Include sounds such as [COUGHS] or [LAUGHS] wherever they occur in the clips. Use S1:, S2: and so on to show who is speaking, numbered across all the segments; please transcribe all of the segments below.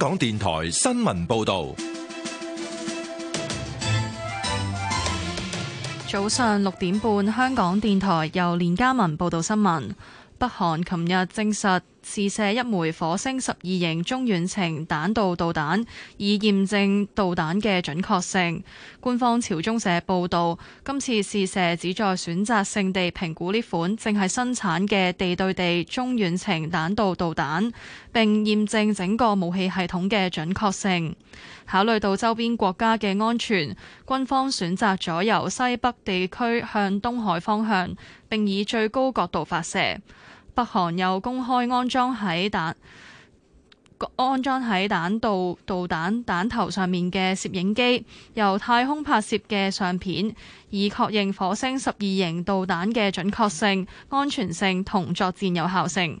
S1: 港電台新聞報道，
S2: 早上六點半，香港電台由連家文報道新聞。北韓琴日證實，試射一枚火星十二型中遠程彈道導彈，以驗證導彈嘅準確性。官方朝中社報導，今次試射旨在選擇性地評估呢款正係生產嘅地對地中遠程彈道導彈，並驗證整個武器系統嘅準確性。考慮到周邊國家嘅安全，軍方選擇咗由西北地區向東海方向，並以最高角度發射。北韓又公開安裝喺彈，安裝喺彈道導彈彈頭上面嘅攝影機，由太空拍攝嘅相片，以確認火星十二型導彈嘅準確性、安全性同作戰有效性。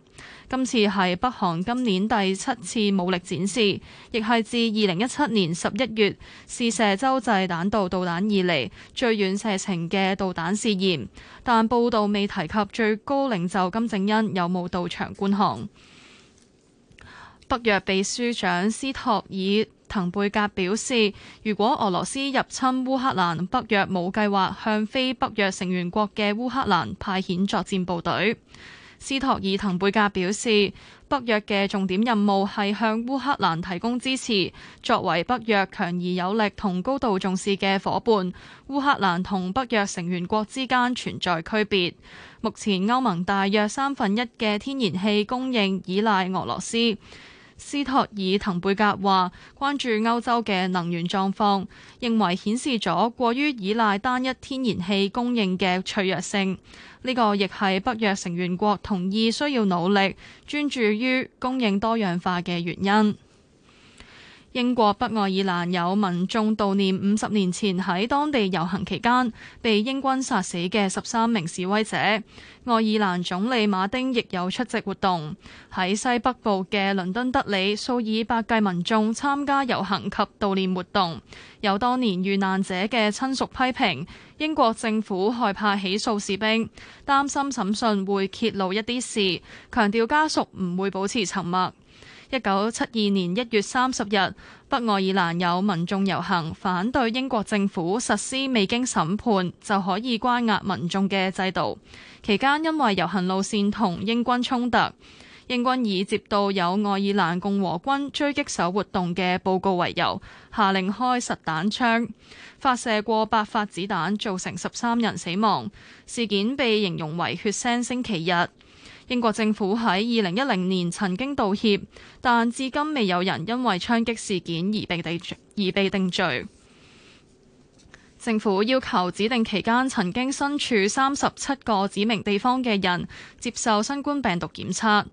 S2: 今次係北韓今年第七次武力展示，亦係自二零一七年十一月試射洲際彈道導彈以嚟最遠射程嘅導彈試驗。但報道未提及最高領袖金正恩有冇到場觀看。北約秘書長斯托爾滕貝格表示，如果俄羅斯入侵烏克蘭，北約冇計劃向非北約成員國嘅烏克蘭派遣作戰部隊。斯托爾滕貝格表示，北約嘅重點任務係向烏克蘭提供支持。作為北約強而有力同高度重視嘅伙伴，烏克蘭同北約成員國之間存在區別。目前歐盟大約三分一嘅天然氣供應依賴俄羅斯。斯托爾滕貝格話，關注歐洲嘅能源狀況，認為顯示咗過於依賴單一天然氣供應嘅脆弱性。呢個亦係北約成員國同意需要努力專注於供應多樣化嘅原因。英國北愛爾蘭有民眾悼念五十年前喺當地遊行期間被英軍殺死嘅十三名示威者，愛爾蘭總理馬丁亦有出席活動。喺西北部嘅倫敦德里，數以百計民眾參加遊行及悼念活動。有當年遇難者嘅親屬批評英國政府害怕起訴士兵，擔心審訊會揭露一啲事，強調家屬唔會保持沉默。一九七二年一月三十日，北愛爾蘭有民眾遊行，反對英國政府實施未經審判就可以關押民眾嘅制度。期間因為遊行路線同英軍衝突，英軍以接到有愛爾蘭共和軍狙擊手活動嘅報告為由，下令開實彈槍，發射過八發子彈，造成十三人死亡。事件被形容為血腥星、星期日。英國政府喺二零一零年曾經道歉，但至今未有人因為槍擊事件而被定罪。政府要求指定期間曾經身處三十七個指明地方嘅人接受新冠病毒檢測，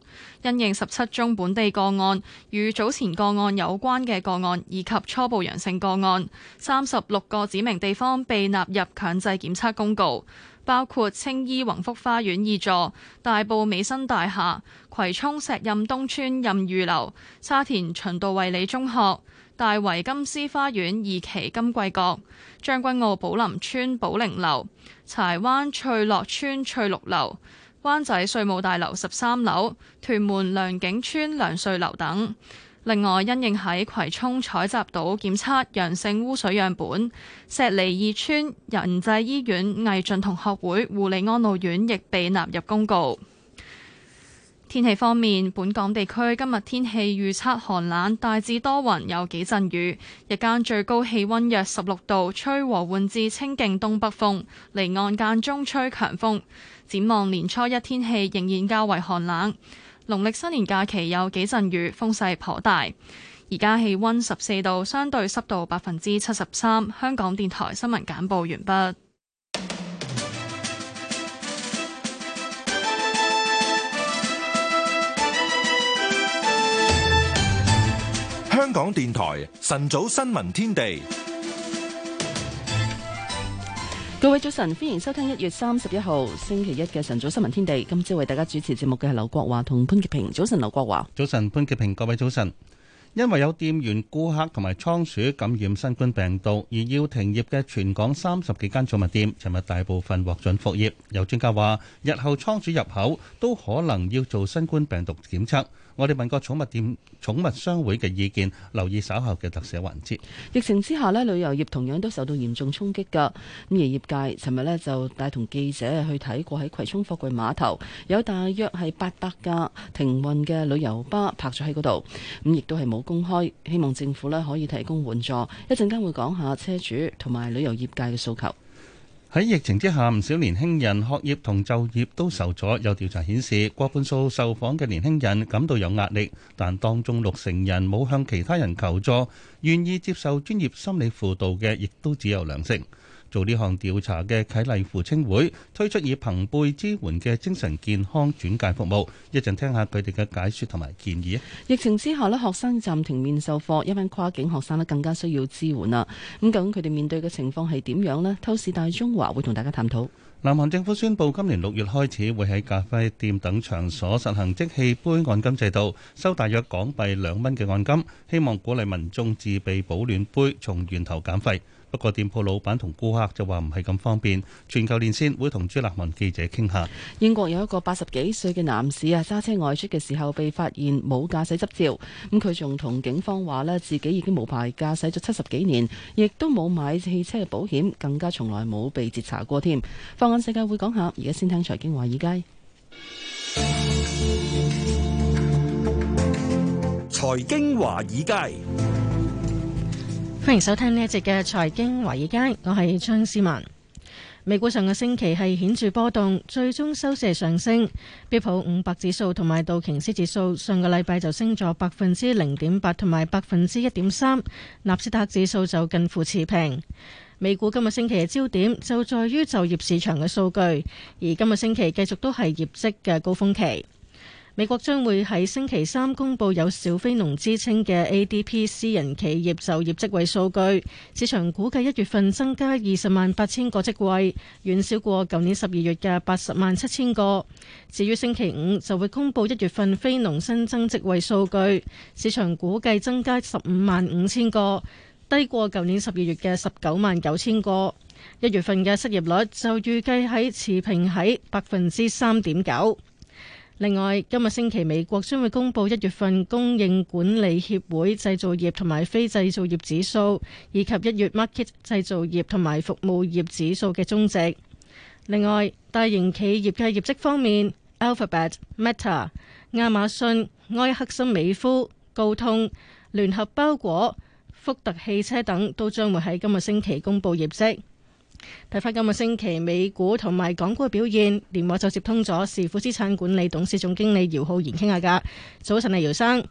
S2: 因應十七宗本地個案與早前個案有關嘅個案以及初步陽性個案。三十六個指明地方被納入強制檢測公告。包括青衣宏福花園二座、大埔美新大廈、葵涌石蔭東村任裕樓、沙田循道衛理中學、大圍金獅花園二期金桂閣、將軍澳寶林村寶玲樓、柴灣翠樂村翠綠樓、灣仔稅務大樓十三樓、屯門良景村良穗樓等。另外，因應喺葵涌採集到檢測陽性污水樣本，石梨二村仁濟醫院毅進同學會護理安老院亦被納入公告。天氣方面，本港地區今日天，天氣預測寒冷，大致多雲，有幾陣雨。日間最高氣溫約十六度，吹和緩至清勁東北風，離岸間中吹強風。展望年初一天氣仍然較為寒冷。農曆新年假期有幾陣雨，風勢頗大。而家氣温十四度，相對濕度百分之七十三。香港電台新聞簡報完畢。
S1: 香港電台晨早新聞天地。
S3: 各位早晨，歡迎收聽一月三十一號星期一嘅晨早新聞天地。今朝為大家主持節目嘅係劉國華同潘潔平。
S4: 早晨，劉國華。早晨，潘潔平。各位早晨。因為有店員、顧客同埋倉鼠感染新冠病毒，而要停業嘅全港三十幾間寵物店，尋日大部分獲准復業。有專家話，日後倉鼠入口都可能要做新冠病毒檢測。我哋問過寵物店、寵物商會嘅意見，留意稍後嘅特寫環節。
S3: 疫情之下咧，旅遊業同樣都受到嚴重衝擊噶咁而業界，尋日咧，就帶同記者去睇過喺葵涌貨櫃碼頭，有大約係八百架停運嘅旅遊巴泊咗喺嗰度。咁亦都係冇公開，希望政府咧可以提供援助。會會一陣間會講下車主同埋旅遊業界嘅訴求。
S4: 喺疫情之下，唔少年輕人學業同就業都受阻，有調查顯示，過半數受訪嘅年輕人感到有壓力，但當中六成人冇向其他人求助，願意接受專業心理輔導嘅，亦都只有兩成。做呢項調查嘅啟勵扶青會推出以朋輩支援嘅精神健康轉介服務，一陣聽下佢哋嘅解說同埋建議。
S3: 疫情之下咧，學生暫停面授課，一班跨境學生咧更加需要支援啦。咁究竟佢哋面對嘅情況係點樣呢？透視大中華會同大家探討。
S4: 南韓政府宣布，今年六月開始會喺咖啡店等場所實行即棄杯按金制度，收大約港幣兩蚊嘅按金，希望鼓勵民眾自備保暖杯，從源頭減廢。不過店鋪老闆同顧客就話唔係咁方便，全球連線會同朱立文記者傾下。
S3: 英國有一個八十幾歲嘅男士啊，揸車外出嘅時候被發現冇駕駛執照，咁佢仲同警方話咧，自己已經無牌駕駛咗七十幾年，亦都冇買汽車嘅保險，更加從來冇被截查過添。放眼世界會講下，而家先聽財經華爾街。
S1: 財經華爾街。
S5: 歡迎收聽呢一節嘅財經華爾街，我係張思文。美股上個星期係顯著波動，最終收市上升。標普五百指數同埋道瓊斯指數上個禮拜就升咗百分之零點八同埋百分之一點三。納斯達克指數就近乎持平。美股今個星期嘅焦點就在於就業市場嘅數據，而今個星期繼續都係業績嘅高峰期。美國將會喺星期三公佈有小非農之稱嘅 ADP 私人企業就業職位數據，市場估計一月份增加二十萬八千個職位，遠少過舊年十二月嘅八十萬七千個。至於星期五就會公佈一月份非農新增職位數據，市場估計增加十五萬五千個，低過舊年十二月嘅十九萬九千個。一月份嘅失業率就預計喺持平喺百分之三點九。另外，今日星期美國將會公布一月份供應管理協會製造業同埋非製造業指數，以及一月 market 製造業同埋服務業指數嘅終值。另外，大型企業嘅業績方面，Alphabet、Meta、亞馬遜、埃克森美孚、高通、聯合包裹、福特汽車等都將會喺今日星期公布業績。睇翻今個星期美股同埋港股嘅表現，連我就接通咗時富資產管理董事總經理姚浩然傾下偈。早晨啊，姚生，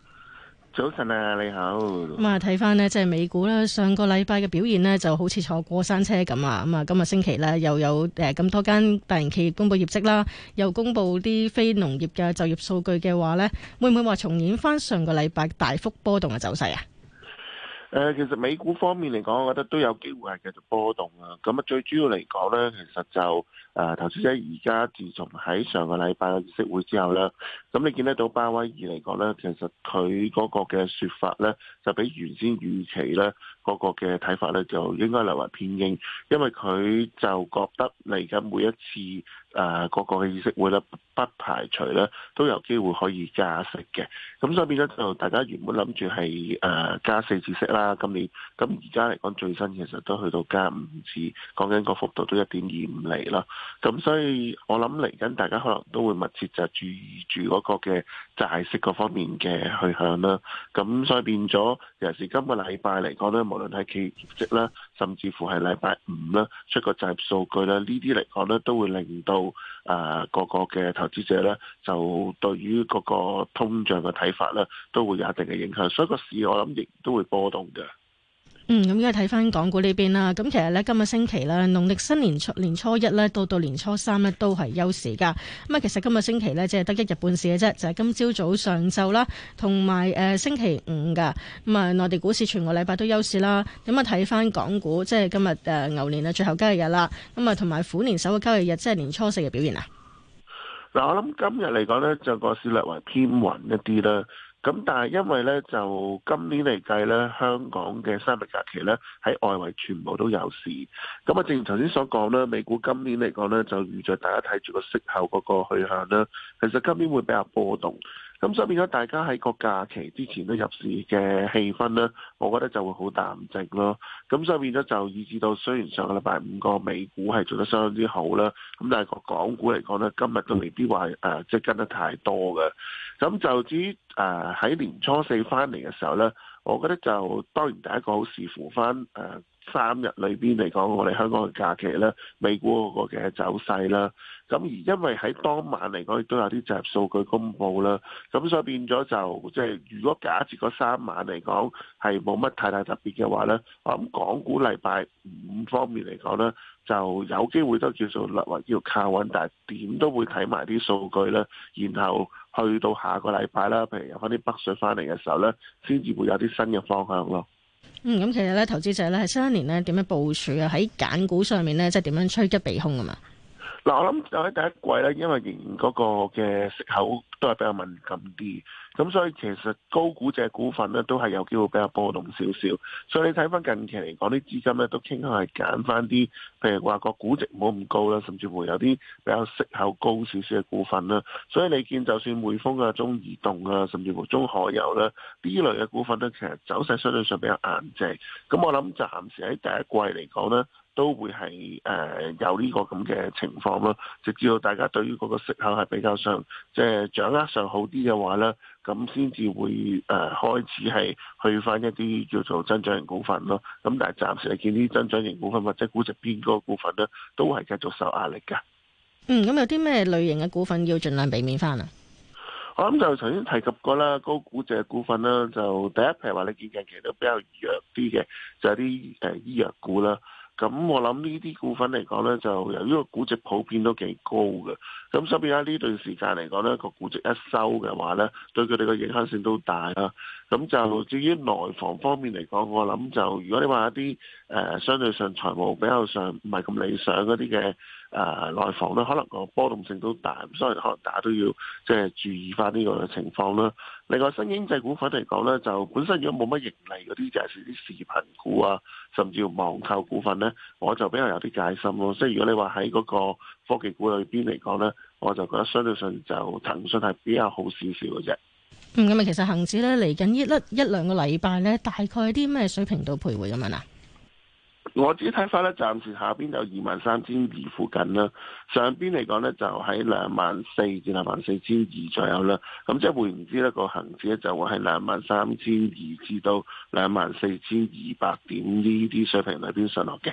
S6: 早晨啊，你好。咁啊，
S5: 睇翻呢即係美股啦，上個禮拜嘅表現呢就好似坐過山車咁啊。咁、嗯、啊，今個星期呢，又有誒咁、呃、多間大型企業公布業績啦，又公布啲非農業嘅就業數據嘅話呢，會唔會話重演翻上個禮拜大幅波動嘅走勢啊？
S6: 誒，其實美股方面嚟講，我覺得都有機會係繼續波動啊。咁啊，最主要嚟講咧，其實就。誒，投資者而家自從喺上個禮拜嘅議息會之後咧，咁你見得到鮑威爾嚟講咧，其實佢嗰個嘅説法咧，就比原先預期咧嗰個嘅睇法咧，就應該略為偏硬，因為佢就覺得嚟緊每一次誒、啊、個個嘅議息會咧，不排除咧都有機會可以加息嘅。咁所以變咗就大家原本諗住係誒加四次息啦，今年咁而家嚟講最新其實都去到加五次，講緊個幅度都一點二五厘啦。咁所以我諗嚟緊大家可能都會密切就注意住嗰個嘅債息嗰方面嘅去向啦。咁所以變咗，尤其是今個禮拜嚟講咧，無論係企業業績啦，甚至乎係禮拜五啦出個就業數據啦，呢啲嚟講咧都會令到啊、呃，各個嘅投資者咧就對於嗰個通脹嘅睇法咧都會有一定嘅影響，所以個市我諗亦都會波動嘅。
S5: 嗯，咁而家睇翻港股呢邊啦，咁其實咧今日星期啦，農曆新年初年初一咧到到年初三咧都係休市噶。咁啊，其實今日星期咧只係得一日半市嘅啫，就係、是、今朝早上晝啦，同埋誒星期五噶。咁、嗯、啊，內地股市全個禮拜都休市啦。咁啊，睇翻港股，即、就、係、是、今日誒、呃、牛年啊最後交易日啦。咁啊，同埋虎年首個交易日，即、就、係、是、年初四嘅表現啊。
S6: 嗱、呃，我諗今日嚟講咧，就個市略為偏穩一啲啦。咁但係因為咧，就今年嚟計咧，香港嘅三日假期咧，喺外圍全部都有市。咁啊，正如頭先所講咧，美股今年嚟講咧，就預著大家睇住個息口嗰個去向咧，其實今年會比較波動。咁所以變咗大家喺個假期之前都入市嘅氣氛咧，我覺得就會好淡靜咯。咁所以變咗就以至到雖然上個禮拜五個美股係做得相當之好啦，咁但係個港股嚟講咧，今日都未必話誒即係跟得太多嘅。咁就至於誒喺、呃、年初四翻嚟嘅時候咧，我覺得就當然第一個好視乎翻誒。呃三日裏邊嚟講，我哋香港嘅假期啦，美股嗰個嘅走勢啦，咁而因為喺當晚嚟講，亦都有啲就業數據公布啦，咁所以變咗就即係、就是、如果假設嗰三晚嚟講係冇乜太大特別嘅話咧，我諗港股禮拜五方面嚟講咧，就有機會都叫做或叫靠穩，但係點都會睇埋啲數據咧，然後去到下個禮拜啦，譬如有翻啲北水翻嚟嘅時候咧，先至會有啲新嘅方向咯。
S5: 嗯，咁其實咧，投資者咧喺新一年咧點樣部署啊？喺揀股上面咧，即係點樣趨吉避兇㗎嘛？
S6: 嗱，我諗就喺第一季咧，因為仍然嗰個嘅息口都係比較敏感啲，咁所以其實高估值嘅股份咧都係有機會比較波動少少。所以你睇翻近期嚟講，啲資金咧都傾向係揀翻啲，譬如話個估值唔好咁高啦，甚至乎有啲比較息口高少少嘅股份啦。所以你見就算匯豐啊、中移動啊，甚至乎中海油啦，呢類嘅股份咧，其實走勢相對上比較硬淨。咁我諗暫時喺第一季嚟講咧，都會係誒、呃、有呢個咁嘅情況咯，直至到大家對於嗰個息口係比較上即係、就是、掌握上好啲嘅話咧，咁先至會誒、呃、開始係去翻一啲叫做增長型股份咯。咁但係暫時係見啲增長型股份或者估值邊個股份咧，都係繼續受壓力嘅。
S5: 嗯，咁有啲咩類型嘅股份要盡量避免翻啊？
S6: 我諗就頭先提及過啦，高、那、估、個、值嘅股份啦，就第一譬如話你見近期都比較弱啲嘅，就係啲誒醫藥股啦。咁我諗呢啲股份嚟講呢，就由於個估值普遍都幾高嘅，咁所以喺呢段時間嚟講呢，個估值一收嘅話呢，對佢哋嘅影響性都大啦。咁就至於內房方面嚟講，我諗就如果你話一啲誒、呃、相對上財務比較上唔係咁理想嗰啲嘅。誒，內、呃、房咧，可能個波動性都大，所以可能大家都要即係注意翻呢個情況啦。另外，新經濟股份嚟講咧，就本身如果冇乜盈利嗰啲，就係啲視頻股啊，甚至乎網購股份咧，我就比較有啲戒心咯。即係如果你話喺嗰個科技股入邊嚟講咧，我就覺得相對上就騰訊係比較好少少嘅啫。
S5: 嗯，咁啊，其實恒指咧嚟緊呢一、一兩個禮拜咧，大概啲咩水平度徘徊咁樣啊？
S6: 我自己睇法咧，暫時下邊有二萬三千二附近啦，上邊嚟講咧就喺兩萬四至兩萬四千二左右啦。咁即係會唔知咧，個恆指咧就會喺兩萬三千二至到兩萬四千二百點呢啲水平裏邊上落嘅。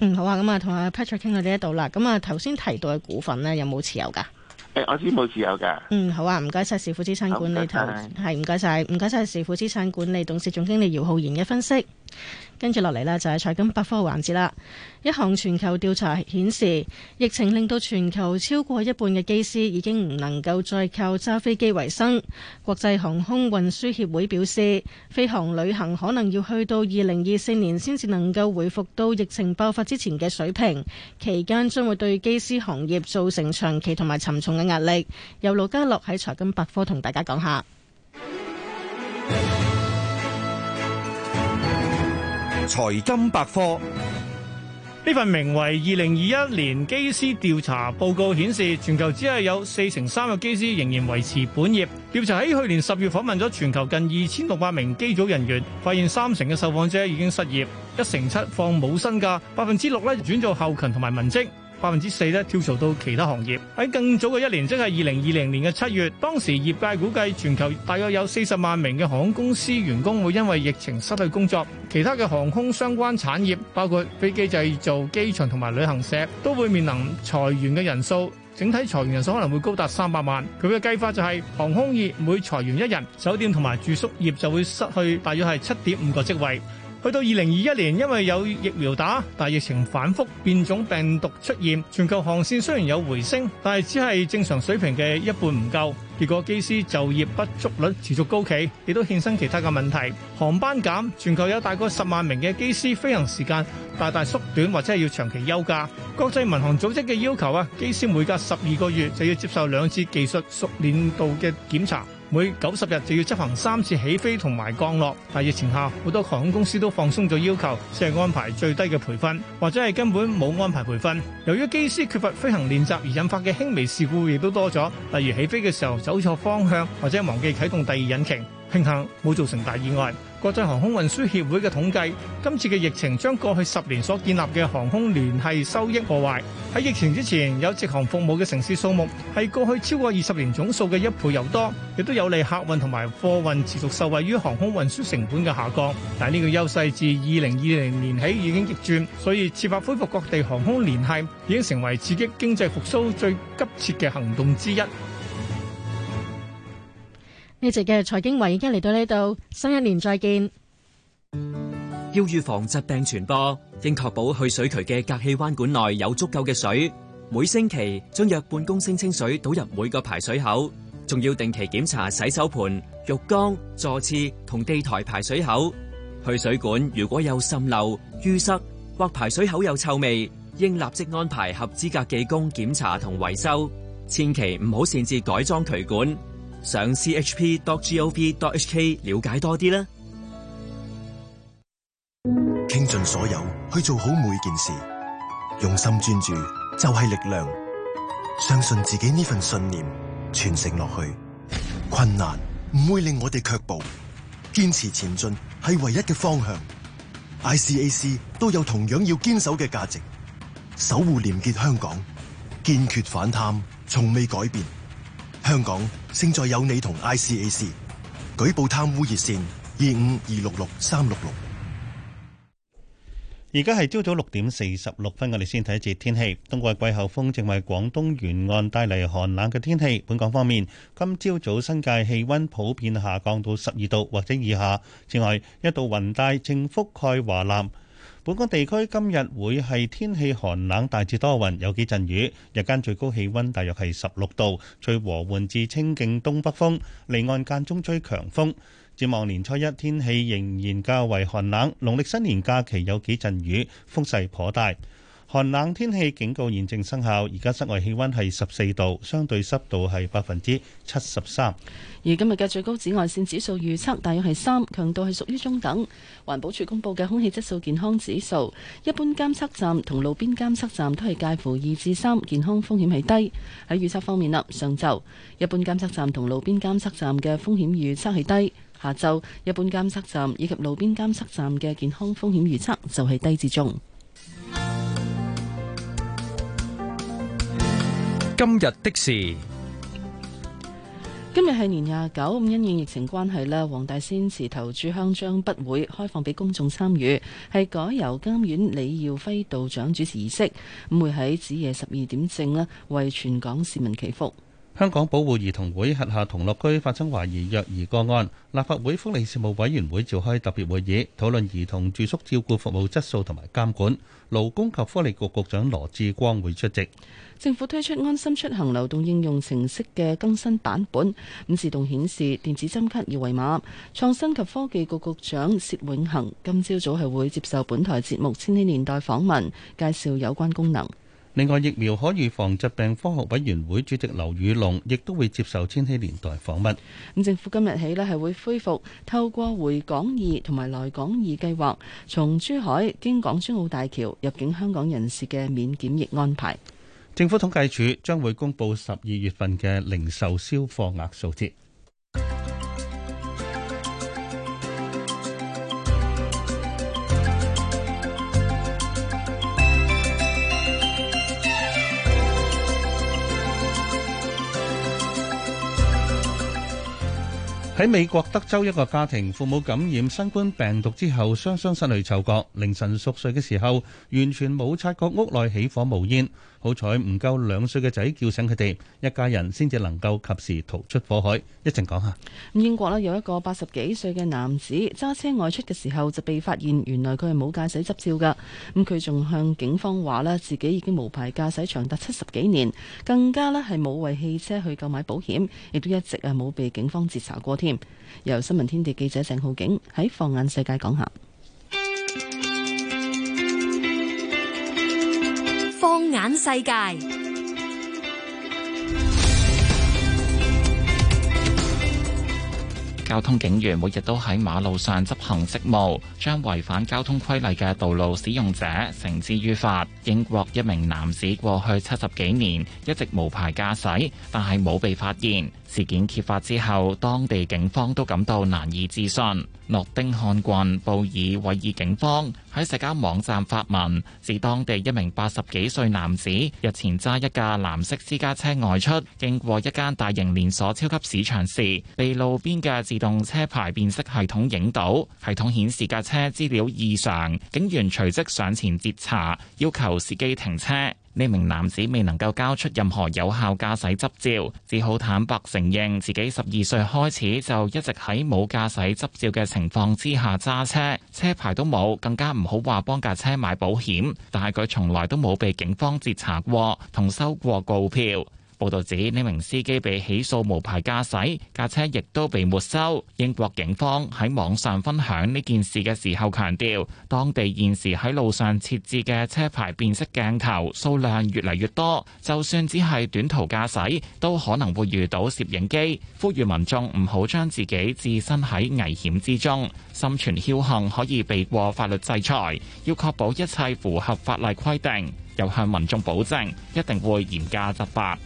S5: 嗯，好啊，咁啊，同阿 Patrick 傾到呢一度啦。咁啊，頭先提到嘅股份咧，有冇持有噶？
S6: 誒、欸，我知冇持有噶。
S5: 嗯，好啊，唔該晒。市府資產管理同係唔該晒。唔該曬時富資產管理董事總經理姚浩然嘅分析。跟住落嚟呢，就係財金百科環節啦。一項全球調查顯示，疫情令到全球超過一半嘅機師已經唔能夠再靠揸飛機為生。國際航空運輸協會表示，飛航旅行可能要去到二零二四年先至能夠恢復到疫情爆發之前嘅水平，期間將會對機師行業造成長期同埋沉重嘅壓力。由盧家樂喺財金百科同大家講下。 [MUSIC]
S7: 財
S8: 金百科。呢份名為二零二一年機師調查報告顯示，全球只係有四成三嘅機師仍然維持本業。調查喺去年十月訪問咗全球近二千六百名機組人員，發現三成嘅受訪者已經失業，一成七放冇薪假，百分之六咧轉做後勤同埋文職。百分之四咧跳槽到其他行業。喺更早嘅一年，即係二零二零年嘅七月，當時業界估計全球大約有四十萬名嘅航空公司員工會因為疫情失去工作，其他嘅航空相關產業，包括飛機製造、機場同埋旅行社，都會面臨裁員嘅人數，整體裁員人數可能會高達三百萬。佢嘅計劃就係、是、航空業每裁員一人，酒店同埋住宿業就會失去大約係七點五個職位。去到二零二一年，因為有疫苗打，但疫情反覆、變種病毒出現，全球航線雖然有回升，但係只係正常水平嘅一半唔夠。結果機師就業不足率持續高企，亦都衍生其他嘅問題。航班減，全球有大概十萬名嘅機師，飛行時間大大縮短，或者係要長期休假。國際民航組織嘅要求啊，機師每隔十二個月就要接受兩次技術熟練度嘅檢查。每九十日就要執行三次起飛同埋降落，但疫情下好多航空公司都放鬆咗要求，只係安排最低嘅培訓，或者係根本冇安排培訓。由於機師缺乏飛行練習而引發嘅輕微事故亦都多咗，例如起飛嘅時候走錯方向，或者忘記啟動第二引擎，慶幸冇造成大意外。國際航空運輸協會嘅統計，今次嘅疫情將過去十年所建立嘅航空聯繫收益破壞。喺疫情之前，有直航服務嘅城市數目係過去超過二十年總數嘅一倍又多，亦都有利客運同埋貨運持續受惠於航空運輸成本嘅下降。但呢個優勢自二零二零年起已經逆轉，所以設法恢復各地航空聯繫已經成為刺激經濟復甦最急切嘅行動之一。
S5: 呢集嘅財經圍，已經嚟到呢度，新一年再見。
S9: 要預防疾病傳播，應確保去水渠嘅隔氣彎管內有足夠嘅水。每星期將約半公升清水倒入每個排水口，仲要定期檢查洗手盆、浴缸、座廁同地台排水口。去水管如果有滲漏、淤塞或排水口有臭味，應立即安排合資格技工檢查同維修。千祈唔好擅自改裝渠管。上 chp.gov.hk 了解多啲啦，
S7: 傾
S9: 盡
S1: 所有去做好每件事，用心專注就係力量。相信自己呢份信念，傳承落去，困難唔會令我哋卻步，堅持前進係唯一嘅方向。I C A C 都有同樣要堅守嘅價值，守護廉潔香港，堅決反貪，從未改變。香港勝在有你同 ICAC 舉報貪污熱線二五二六六三六六。
S4: 而家係朝早六點四十六分，我哋先睇一節天氣。冬季季候風正為廣東沿岸帶嚟寒冷嘅天氣。本港方面，今朝早新界氣溫普遍下降到十二度或者以下。此外，一度雲帶正覆蓋華南。本港地區今日會係天氣寒冷，大致多雲，有幾陣雨。日間最高氣溫大約係十六度，吹和緩至清勁東北風，離岸間中吹強風。展望年初一天氣仍然較為寒冷，農曆新年假期有幾陣雨，風勢頗大。寒冷天氣警告現正生效，而家室外氣溫係十四度，相對濕度係百分之七十三。而今日嘅最高紫
S3: 外線指數預測大約係三，強度係屬於中等。環保署公布嘅空氣質素健康指數，一般監測站同路邊監測站都係介乎二至三，健康風險係低。喺預測方面啦，上晝一般監測站同路邊監測站嘅風險預測係低，下晝一般監測站以及路邊監測站嘅健康風險預測就係低至中。
S10: 今日的事，
S3: 今日係年廿九，因應疫情關係咧，黃大仙祠頭炷香將不會開放俾公眾參與，係改由監院李耀輝道長主持儀式，咁會喺子夜十二點正咧為全港市民祈福。
S4: 香港保護兒童會轄下童樂居發生懷疑虐兒個案，立法會福利事務委員會召開特別會議討論兒童住宿照顧服務質素同埋監管，勞工及福利局局長羅致光會出席。
S3: 政府推出安心出行流動應用程式嘅更新版本，咁自動顯示電子針卡二維碼。創新及科技局局長薛永恒今朝早係會接受本台節目《千禧年代》訪問，介紹有關功能。
S4: 另外，疫苗可預防疾病科學委員會主席劉宇龍亦都會接受《千禧年代》訪問。
S3: 咁政府今日起咧係會恢復透過回港易同埋來港易計劃，從珠海經港珠澳大橋入境香港人士嘅免檢疫安排。
S4: 政府統計處將會公布十二月份嘅零售銷貨額數字。喺 [MUSIC] 美國德州一個家庭父母感染新冠病毒之後雙雙失去嗅覺，凌晨熟睡嘅時候，完全冇察覺屋內起火冒煙。好彩唔夠兩歲嘅仔叫醒佢哋，一家人先至能夠及時逃出火海。一陣講下。
S3: 英國咧有一個八十幾歲嘅男子揸車外出嘅時候就被發現，原來佢係冇駕駛執照噶。咁佢仲向警方話咧，自己已經無牌駕駛長達七十幾年，更加咧係冇為汽車去購買保險，亦都一直係冇被警方截查過添。由新聞天地記者鄭浩景喺放眼世界講下。
S11: 眼世界，
S12: 交通警員每日都喺馬路上執行職務，將違反交通規例嘅道路使用者繩之於法。英國一名男子過去七十幾年一直無牌駕駛，但係冇被發現。事件揭發之後，當地警方都感到難以置信。諾丁漢郡布爾韋爾警方喺社交網站發文，自當地一名八十幾歲男子日前揸一架藍色私家車外出，經過一間大型連鎖超級市場時，被路邊嘅自動車牌辨識系統影到，系統顯示架車資料異常，警員隨即上前截查，要求司機停車。呢名男子未能夠交出任何有效駕駛執照，只好坦白承認自己十二歲開始就一直喺冇駕駛執照嘅情況之下揸車，車牌都冇，更加唔好話幫架車買保險。但係佢從來都冇被警方截查過，同收過告票。報道指呢名司機被起訴無牌駕駛，駕車亦都被沒收。英國警方喺網上分享呢件事嘅時候強調，強調當地現時喺路上設置嘅車牌辨識鏡頭數量越嚟越多，就算只係短途駕駛都可能會遇到攝影機。呼籲民眾唔好將自己置身喺危險之中，心存僥倖可以避過法律制裁。要確保一切符合法例規定，又向民眾保證一定會嚴格執法。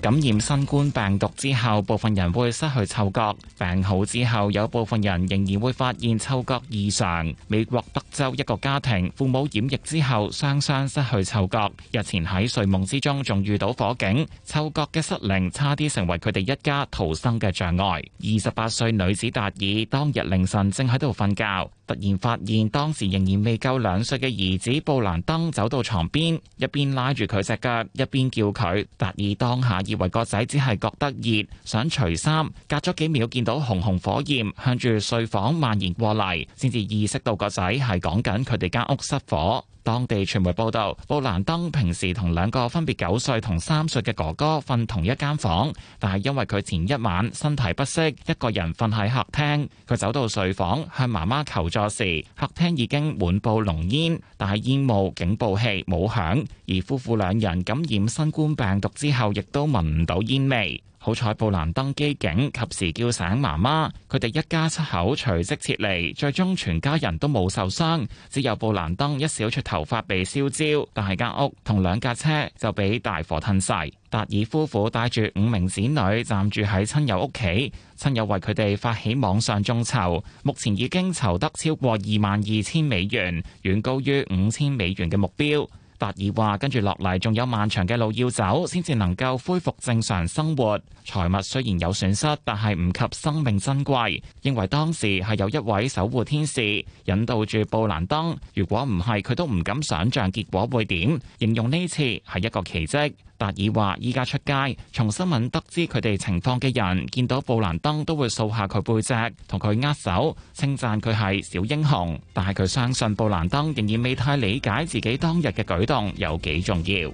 S12: 感染新冠病毒之後，部分人會失去嗅覺。病好之後，有部分人仍然會發現嗅覺異常。美國德州一個家庭，父母染疫之後雙雙失去嗅覺，日前喺睡夢之中仲遇到火警，嗅覺嘅失靈差啲成為佢哋一家逃生嘅障礙。二十八歲女子達爾當日凌晨正喺度瞓覺。突然發現，當時仍然未夠兩歲嘅兒子布蘭登走到床邊，一邊拉住佢隻腳，一邊叫佢。達爾當下以為個仔只係覺得熱，想除衫。隔咗幾秒，見到熊熊火焰向住睡房蔓延過嚟，先至意識到個仔係講緊佢哋間屋失火。當地傳媒報導，布蘭登平時同兩個分別九歲同三歲嘅哥哥瞓同一間房，但係因為佢前一晚身體不適，一個人瞓喺客廳。佢走到睡房向媽媽求助時，客廳已經滿布濃煙，但係煙霧警報器冇響，而夫婦兩人感染新冠病毒之後，亦都聞唔到煙味。好彩布蘭登機警及時叫醒媽媽，佢哋一家七口隨即撤離，最終全家人都冇受傷，只有布蘭登一小撮頭髮被燒焦，但係間屋同兩架車就俾大火吞曬。達爾夫婦帶住五名子女暫住喺親友屋企，親友為佢哋發起網上眾籌，目前已經籌得超過二萬二千美元，遠高於五千美元嘅目標。達爾話：跟住落嚟仲有漫長嘅路要走，先至能夠恢復正常生活。財物雖然有損失，但係唔及生命珍貴。認為當時係有一位守護天使引導住布蘭登，如果唔係佢都唔敢想象結果會點。形容呢次係一個奇蹟。達爾話：依家出街，從新聞得知佢哋情況嘅人，見到布蘭登都會掃下佢背脊，同佢握手，稱讚佢係小英雄。但係佢相信布蘭登仍然未太理解自己當日嘅舉動。有幾重要？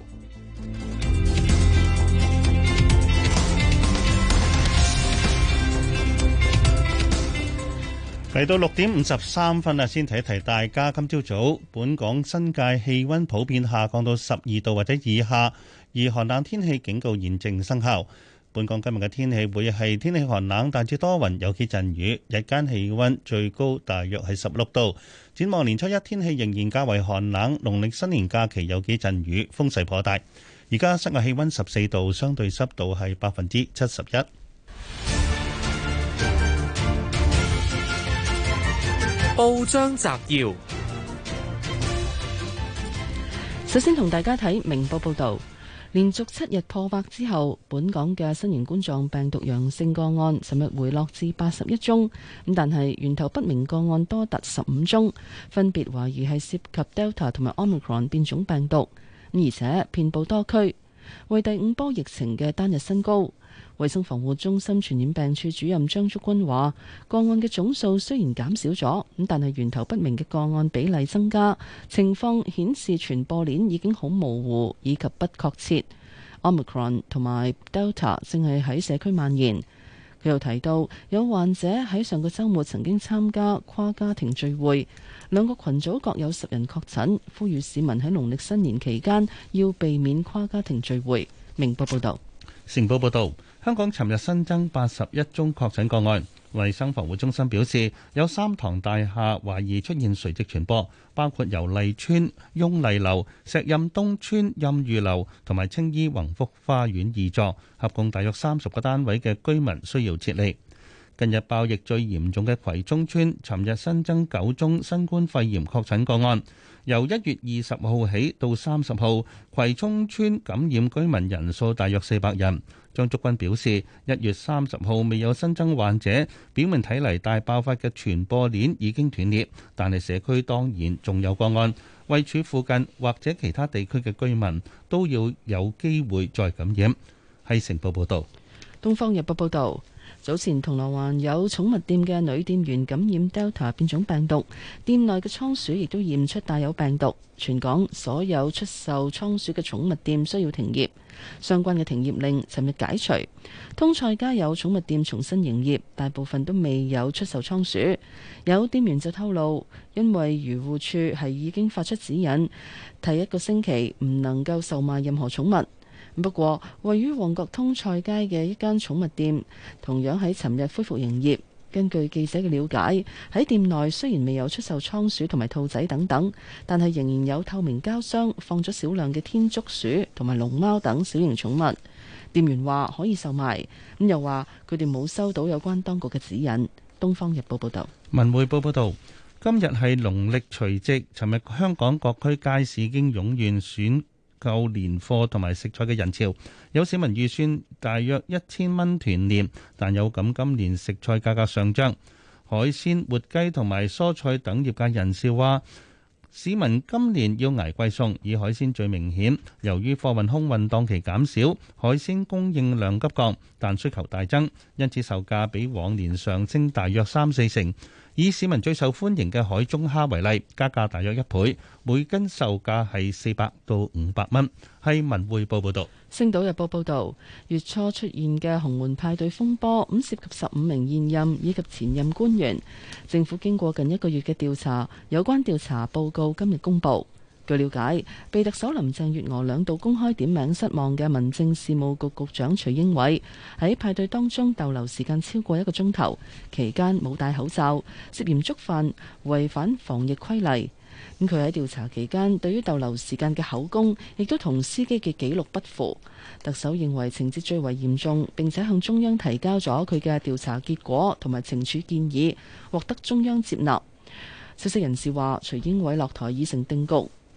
S4: 嚟到六點五十三分啦，先提一提大家。今朝早，本港新界氣溫普遍下降到十二度或者以下，而寒冷天氣警告現正生效。本港今日嘅天氣會係天氣寒冷，大致多雲，有幾陣雨。日間氣溫最高大約係十六度。展望年初一，天氣仍然較為寒冷。農曆新年假期有幾陣雨，風勢頗大。而家室外氣温十四度，相對濕度係百分之七十一。
S11: 報章摘要，
S3: 首先同大家睇明報報道。連續七日破百之後，本港嘅新型冠狀病毒陽性個案，尋日回落至八十一宗。咁但係源頭不明個案多達十五宗，分別懷疑係涉及 Delta 同埋 Omicron 變種病毒。而且遍佈多區，為第五波疫情嘅單日新高。衛生防護中心傳染病處主任張竹君話：個案嘅總數雖然減少咗，咁但係源頭不明嘅個案比例增加，情況顯示傳播鏈已經好模糊以及不確切。Omicron 同埋 Delta 正係喺社區蔓延。佢又提到，有患者喺上個週末曾經參加跨家庭聚會，兩個群組各有十人確診。呼籲市民喺農曆新年期間要避免跨家庭聚會。明報報道。
S4: 成報報導。香港尋日新增八十一宗確診個案，衛生防護中心表示，有三幢大廈懷疑出現垂直傳播，包括油麗村雍麗樓、石蔭東村蔭裕樓同埋青衣宏福花園二座，合共大約三十個單位嘅居民需要撤離。近日爆疫最嚴重嘅葵涌村，尋日新增九宗新冠肺炎確診個案。由一月二十號起到三十號，葵涌村感染居民人數大約四百人。張竹君表示，一月三十號未有新增患者，表明睇嚟大爆發嘅傳播鏈已經斷裂，但係社區當然仲有個案，位處附近或者其他地區嘅居民都要有機會再感染。係《成報》報道：
S3: 《東方日報》報道。早前銅鑼灣有寵物店嘅女店員感染 Delta 變種病毒，店內嘅倉鼠亦都驗出帶有病毒，全港所有出售倉鼠嘅寵物店需要停業，相關嘅停業令尋日解除。通菜街有寵物店重新營業，大部分都未有出售倉鼠。有店員就透露，因為漁護處係已經發出指引，第一個星期唔能夠售賣任何寵物。不過，位於旺角通菜街嘅一間寵物店，同樣喺尋日恢復營業。根據記者嘅了解，喺店內雖然未有出售倉鼠同埋兔仔等等，但係仍然有透明膠箱放咗少量嘅天竺鼠同埋龍貓等小型寵物。店員話可以售賣，咁又話佢哋冇收到有關當局嘅指引。《東方日報》報道，
S4: 《文匯報》報道，今日係農曆除夕，尋日香港各區街市已經湧現選購年貨同埋食材嘅人潮，有市民預算大約一千蚊團年，但有感今年食材價格上漲，海鮮、活雞同埋蔬菜等業界人士話，市民今年要捱貴餸，以海鮮最明顯。由於貨運空運檔期減少，海鮮供應量急降，但需求大增，因此售價比往年上升大約三四成。以市民最受歡迎嘅海中蝦為例，加價大約一倍，每斤售價係四百到五百蚊。係文匯報報道，《星
S3: 島日報》報道，月初出現嘅紅門派對風波，咁涉及十五名現任以及前任官員。政府經過近一個月嘅調查，有關調查報告今日公佈。據了解，被特首林鄭月娥兩度公開點名失望嘅民政事務局局長徐英偉喺派對當中逗留時間超過一個鐘頭，期間冇戴口罩，涉嫌觸犯，違反防疫規例。咁佢喺調查期間對於逗留時間嘅口供，亦都同司機嘅記錄不符。特首認為情節最為嚴重，並且向中央提交咗佢嘅調查結果同埋懲處建議，獲得中央接納。消息人士話，徐英偉落台已成定局。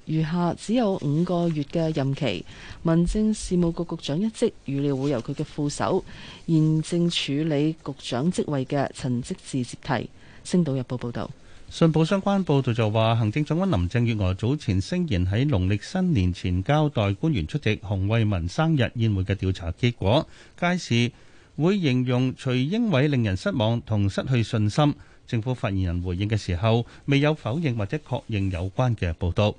S3: 餘下只有五個月嘅任期，民政事務局局長一職預料會由佢嘅副手、現正處理局長職位嘅陳積志接替。《星島日報》報導，
S4: 信報相關報導就話，行政長官林鄭月娥早前聲言喺農曆新年前交代官員出席洪為民生日宴會嘅調查結果，屆時會形容徐英偉令人失望同失去信心。政府發言人回應嘅時候，未有否認或者確認有關嘅報導。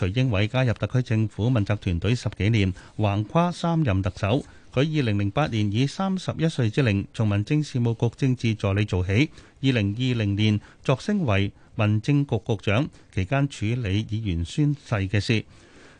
S4: 徐英偉加入特區政府問責團隊十幾年，橫跨三任特首。佢二零零八年以三十一歲之齡從民政事務局政治助理做起，二零二零年擢升為民政局局長，期間處理議員宣誓嘅事。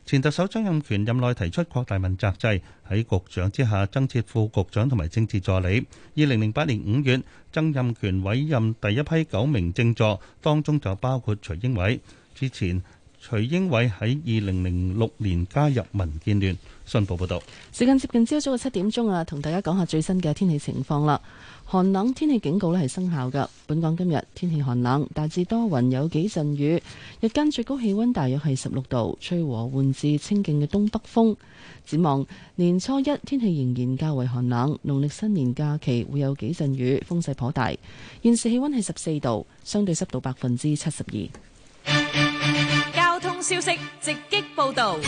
S4: 前特首曾蔭權任內提出擴大問責制，喺局長之下增設副局長同埋政治助理。二零零八年五月，曾蔭權委任第一批九名政助，當中就包括徐英偉。之前。徐英偉喺二零零六年加入民建聯。信報報道，
S3: 時間接近朝早嘅七點鐘啊，同大家講下最新嘅天氣情況啦。寒冷天氣警告咧係生效㗎。本港今日天氣寒冷，大致多雲，有幾陣雨。日間最高氣温大約係十六度，吹和緩至清勁嘅東北風。展望年初一天氣仍然較為寒冷，農曆新年假期會有幾陣雨，風勢頗大。現時氣温係十四度，相對濕度百分之七十二。
S2: 消息直擊報道。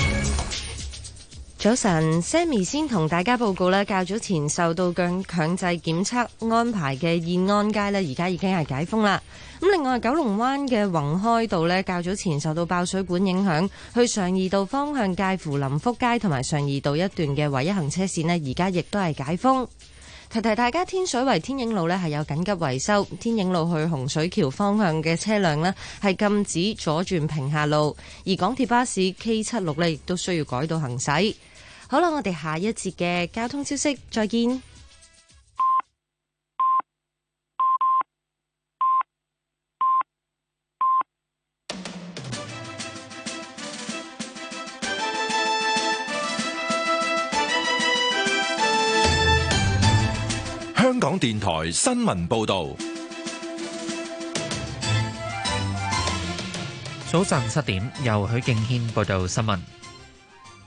S13: 早晨，Sammy 先同大家報告咧，較早前受到強強制檢測安排嘅燕安街咧，而家已經係解封啦。咁另外，九龍灣嘅宏開道咧，較早前受到爆水管影響，去常悅道方向介乎臨福街同埋常悅道一段嘅唯一行車線咧，而家亦都係解封。提提大家，天水圍天影路呢係有緊急維修，天影路去洪水橋方向嘅車輛呢係禁止左轉平下路，而港鐵巴士 K 七六呢亦都需要改道行駛。好啦，我哋下一節嘅交通消息再見。
S1: 香港電台新聞報道，
S11: 早上七點，由許敬軒報道新聞。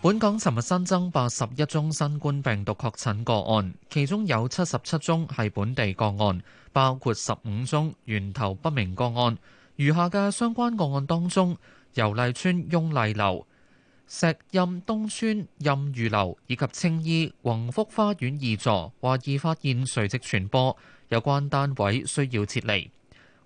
S11: 本港尋日新增八十一宗新冠病毒確診個案，其中有七十七宗係本地個案，包括十五宗源頭不明個案。餘下嘅相關個案當中，尤麗村、雍麗樓。石蔭東村蔭裕樓以及青衣宏福花園二座，話易發現垂直傳播，有關單位需要撤離。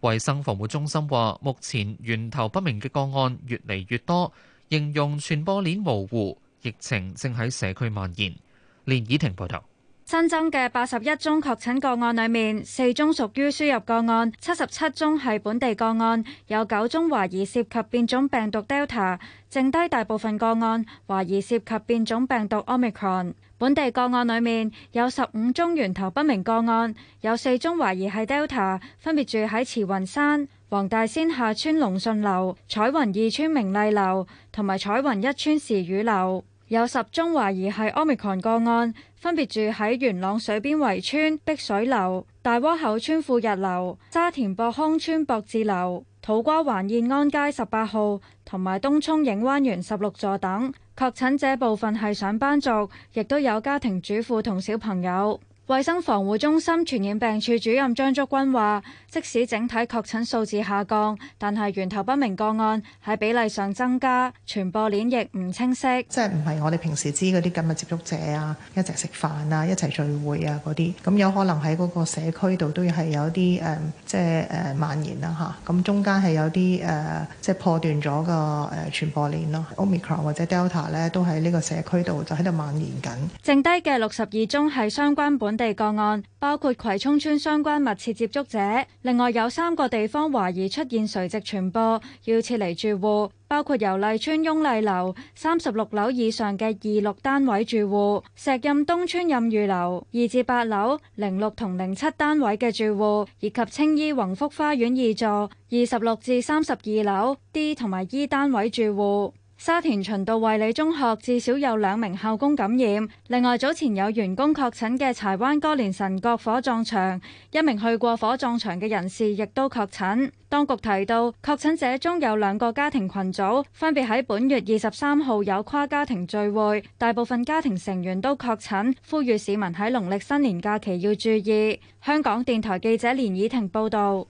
S11: 衛生防護中心話目前源頭不明嘅個案越嚟越多，形容傳播鏈模糊，疫情正喺社區蔓延。連怡婷報道。
S14: 新增嘅八十一宗確診個案裏面，四宗屬於輸入個案，七十七宗係本地個案，有九宗懷疑涉及變種病毒 Delta，剩低大部分個案懷疑涉及變種病毒 Omicron。本地個案裏面有十五宗源頭不明個案，有四宗懷疑係 Delta，分別住喺慈雲山、黃大仙下村、龍順樓、彩雲二村明麗樓同埋彩雲一村時雨樓。有十宗懷疑係奧密 o n 個案，分別住喺元朗水邊圍村碧水樓、大窩口村富日樓、沙田博康村博智樓、土瓜灣燕安，安街十八號同埋東涌影灣園十六座等。確診者部分係上班族，亦都有家庭主婦同小朋友。衛生防護中心傳染病處主任張竹君話，即使整體確診數字下降，但係源頭不明個案喺比例上增加，傳播鏈亦唔清晰。即係
S15: 唔係我哋平時知嗰啲緊密接觸者啊，一齊食飯啊，一齊聚會啊嗰啲，咁有可能喺嗰個社區度都係有啲誒、嗯，即係誒蔓延啦、啊、吓。咁中間係有啲誒、嗯，即係破斷咗個誒傳播鏈咯、啊。Omicron 或者 Delta 咧，都喺呢個社區度就喺度蔓延緊。
S14: 剩低嘅六十二宗係相關本地個案，包括葵涌村相關密切接觸者，另外有三個地方懷疑出現垂直傳播，要撤離住戶，包括油麗村雍麗樓三十六樓以上嘅二六單位住戶、石蔭東村蔭裕樓二至八樓零六同零七單位嘅住戶，以及青衣宏福花園二座二十六至三十二樓 D 同埋 E 單位住戶。沙田循道衛理中學至少有兩名校工感染，另外早前有員工確診嘅柴灣歌連臣角火葬場，一名去過火葬場嘅人士亦都確診。當局提到，確診者中有兩個家庭群組，分別喺本月二十三號有跨家庭聚會，大部分家庭成員都確診，呼籲市民喺農曆新年假期要注意。香港電台記者連以婷報導，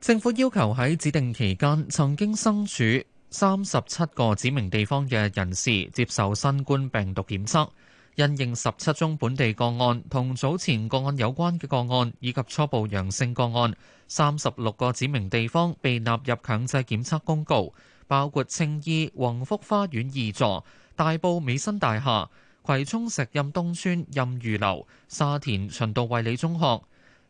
S11: 政府要求喺指定期間曾經身處。三十七個指明地方嘅人士接受新冠病毒檢測，因應十七宗本地個案同早前個案有關嘅個案，以及初步陽性個案。三十六個指明地方被納入強制檢測公告，包括青衣宏福花園二座、大埔美新大廈、葵涌石蔭東村蔭裕樓、沙田循道衞理中學、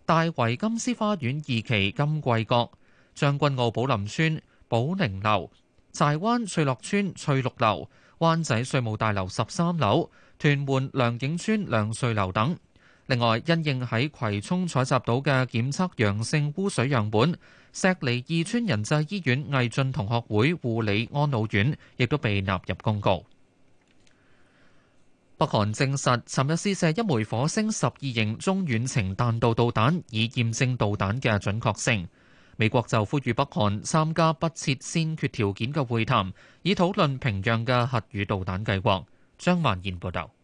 S11: 大圍金獅花園二期金桂閣、將軍澳寶林村寶寧樓。柴灣翠樂村翠綠樓、灣仔稅務大樓十三樓、屯門良景村良瑞樓等。另外，因應喺葵涌採集到嘅檢測陽性污水樣本，石籬二村仁濟醫院藝進同學會護理安老院亦都被納入公告。北韓證實，尋日試射一枚火星十二型中遠程彈道導彈，以驗證導彈嘅準確性。美國就呼籲北韓參加不設先決條件嘅會談，以討論平壤嘅核與導彈計劃。張萬賢報導。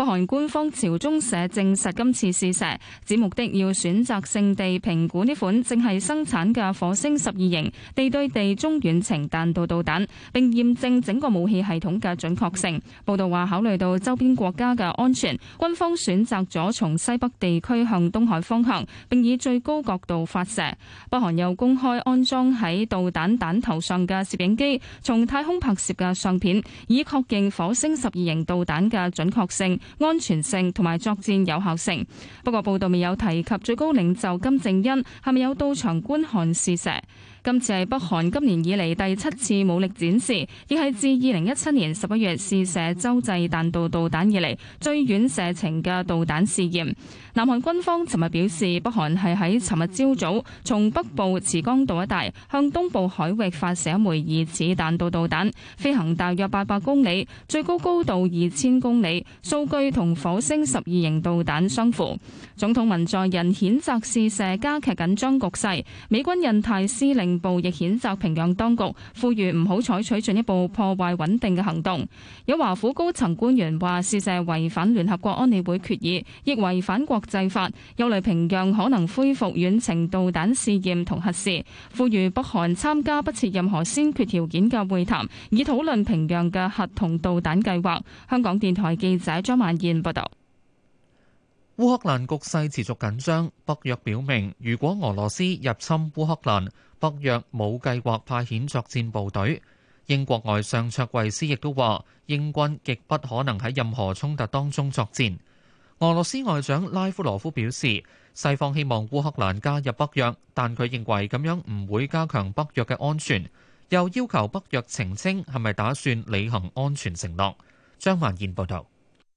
S16: 北韓官方朝中社證實今次試射，指目的要選擇性地評估呢款正係生產嘅火星十二型地對地中遠程彈道導彈，並驗證整個武器系統嘅準確性。報道話考慮到周邊國家嘅安全，軍方選擇咗從西北地區向東海方向，並以最高角度發射。北韓又公開安裝喺導彈彈頭上嘅攝影機，從太空拍攝嘅相片，以確認火星十二型導彈嘅準確性。安全性同埋作戰有效性。不過報道未有提及最高領袖金正恩係咪有到場觀看試射。今次係北韓今年以嚟第七次武力展示，亦係自二零一七年十一月試射洲際彈道導彈以嚟最遠射程嘅導彈試驗。南韓軍方尋日表示，北韓係喺尋日朝早從北部慈江道一帶向東部海域發射一枚疑似彈道導彈，飛行大約八百公里，最高高度二千公里，數據同火星十二型導彈相符。總統文在寅譴責試射加劇緊張局勢，美軍印太司令部亦譴責平壤當局，呼籲唔好採取進一步破壞穩定嘅行動。有華府高層官員話試射違反聯合國安理會決議，亦違反國制法，又嚟平壤可能恢復遠程導彈試驗同核試，呼籲北韓參加不設任何先決條件嘅會談，以討論平壤嘅核同導彈計劃，香港電台記者張萬燕報
S11: 道。烏克蘭局勢持續緊張，北約表明，如果俄羅斯入侵烏克蘭，北約冇計劃派遣作戰部隊，英國外相卓維斯亦都話，英軍極不可能喺任何衝突當中作戰。俄羅斯外長拉夫羅夫表示，西方希望烏克蘭加入北約，但佢認為咁樣唔會加強北約嘅安全，又要求北約澄清係咪打算履行安全承諾。張曼燕報導。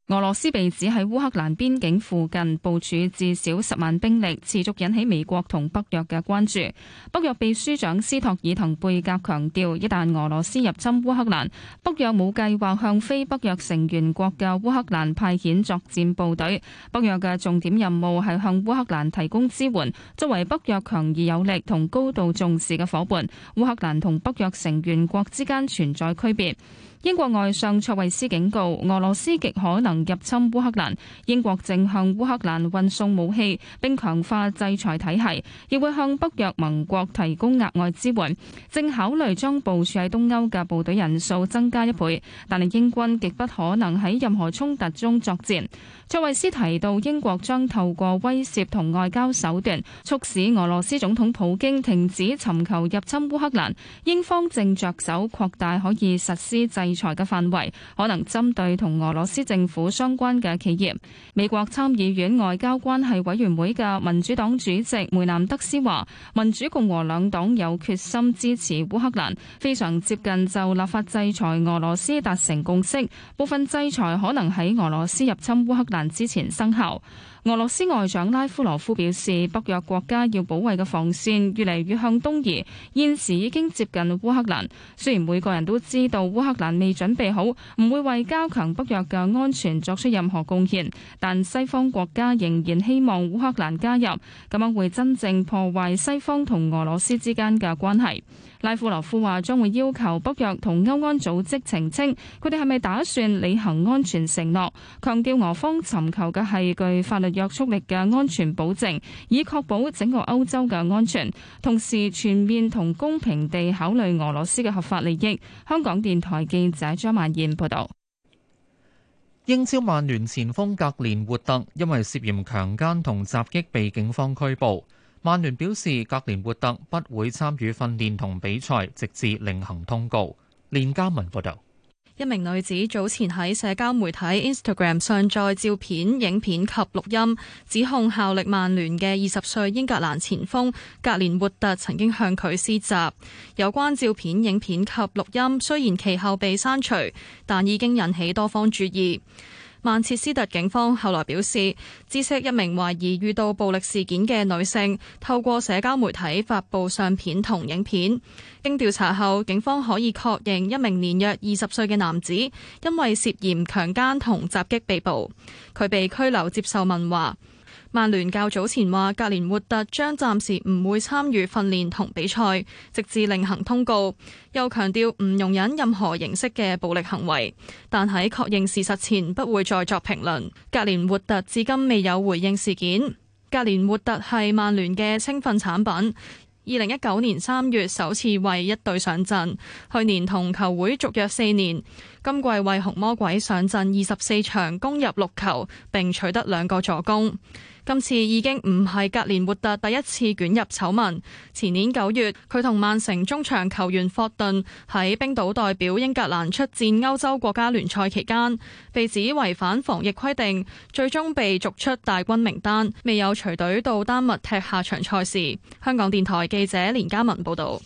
S16: 俄羅斯被指喺烏克蘭邊境附近部署至少十萬兵力，持續引起美國同北約嘅關注。北約秘書長斯托爾滕貝格強調，一旦俄羅斯入侵烏克蘭，北約冇計劃向非北約成員國嘅烏克蘭派遣作戰部隊。北約嘅重點任務係向烏克蘭提供支援，作為北約強而有力同高度重視嘅夥伴。烏克蘭同北約成員國之間存在區別。英國外相卓慧思警告，俄羅斯極可能。入侵烏克蘭，英國正向烏克蘭運送武器，並強化制裁體系，亦會向北約盟國提供額外支援。正考慮將部署喺東歐嘅部隊人數增加一倍，但係英軍極不可能喺任何衝突中作戰。卓慧思提到，英國將透過威脅同外交手段，促使俄羅斯總統普京停止尋求入侵烏克蘭。英方正着手擴大可以實施制裁嘅範圍，可能針對同俄羅斯政府相關嘅企業，美國參議院外交關係委員會嘅民主黨主席梅南德斯話：民主共和兩黨有決心支持烏克蘭，非常接近就立法制裁俄羅斯達成共識，部分制裁可能喺俄羅斯入侵烏克蘭之前生效。俄羅斯外長拉夫羅夫表示，北約國家要保衛嘅防線越嚟越向東移，現時已經接近烏克蘭。雖然每個人都知道烏克蘭未準備好，唔會為加強北約嘅安全作出任何貢獻，但西方國家仍然希望烏克蘭加入，咁樣會真正破壞西方同俄羅斯之間嘅關係。拉夫羅夫話：庫庫將會要求北約同歐安組織澄清，佢哋係咪打算履行安全承諾？強調俄方尋求嘅係具法律約束力嘅安全保證，以確保整個歐洲嘅安全，同時全面同公平地考慮俄羅斯嘅合法利益。香港電台記者張萬燕報導。
S11: 英超曼聯前鋒格連活特因為涉嫌強姦同襲擊被警方拘捕。曼聯表示，格林活特不會參與訓練同比賽，直至另行通告。連家文報道，
S2: 一名女子早前喺社交媒體 Instagram 上載照片、影片及錄音，指控效力曼聯嘅二十歲英格蘭前鋒格林活特曾經向佢施襲。有關照片、影片及錄音雖然其後被刪除，但已經引起多方注意。曼徹斯特警方後來表示，知悉一名懷疑遇到暴力事件嘅女性透過社交媒體發布相片同影片。經調查後，警方可以確認一名年約二十歲嘅男子因為涉嫌強奸同襲擊被捕，佢被拘留接受問話。曼聯較早前話格連活特將暫時唔會參與訓練同比賽，直至另行通告。又強調唔容忍任何形式嘅暴力行為，但喺確認事實前不會再作評論。格連活特至今未有回應事件。格連活特係曼聯嘅青訓產品，二零一九年三月首次為一隊上陣，去年同球會續約四年。今季為紅魔鬼上陣二十四場，攻入六球，並取得兩個助攻。今次已經唔係格連活特第一次捲入醜聞。前年九月，佢同曼城中場球員霍頓喺冰島代表英格蘭出戰歐洲國家聯賽期間，被指違反防疫規定，最終被逐出大軍名單，未有隨隊到丹麥踢下場賽事。香港電台記者連嘉文報道。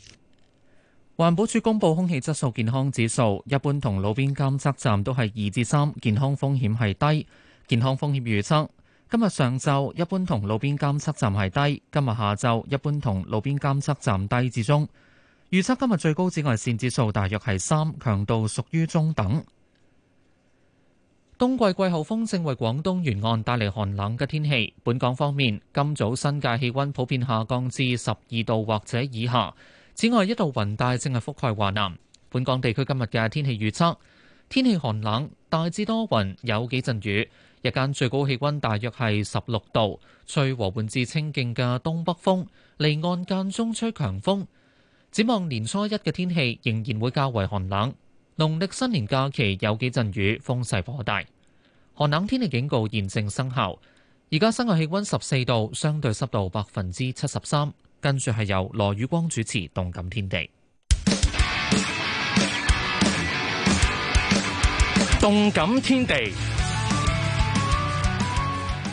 S11: 環保署公布空氣質素健康指數，一般同路邊監測站都係二至三，健康風險係低。健康風險預測：今日上晝一般同路邊監測站係低，今日下晝一般同路邊監測站低至中。預測今日最高紫外線指數大約係三，強度屬於中等。冬季季候風正為廣東沿岸帶嚟寒冷嘅天氣。本港方面，今早新界氣溫普遍下降至十二度或者以下。此外，一道雲帶正係覆蓋華南。本港地區今日嘅天氣預測：天氣寒冷，大致多雲，有幾陣雨。日間最高氣温大約係十六度，吹和緩至清勁嘅東北風，離岸間中吹強風。展望年初一嘅天氣，仍然會較為寒冷。農曆新年假期有幾陣雨，風勢頗大。寒冷天氣警告現正生效。而家室外氣温十四度，相對濕度百分之七十三。跟住係由羅宇光主持《動感天地》。
S10: 《動感天地》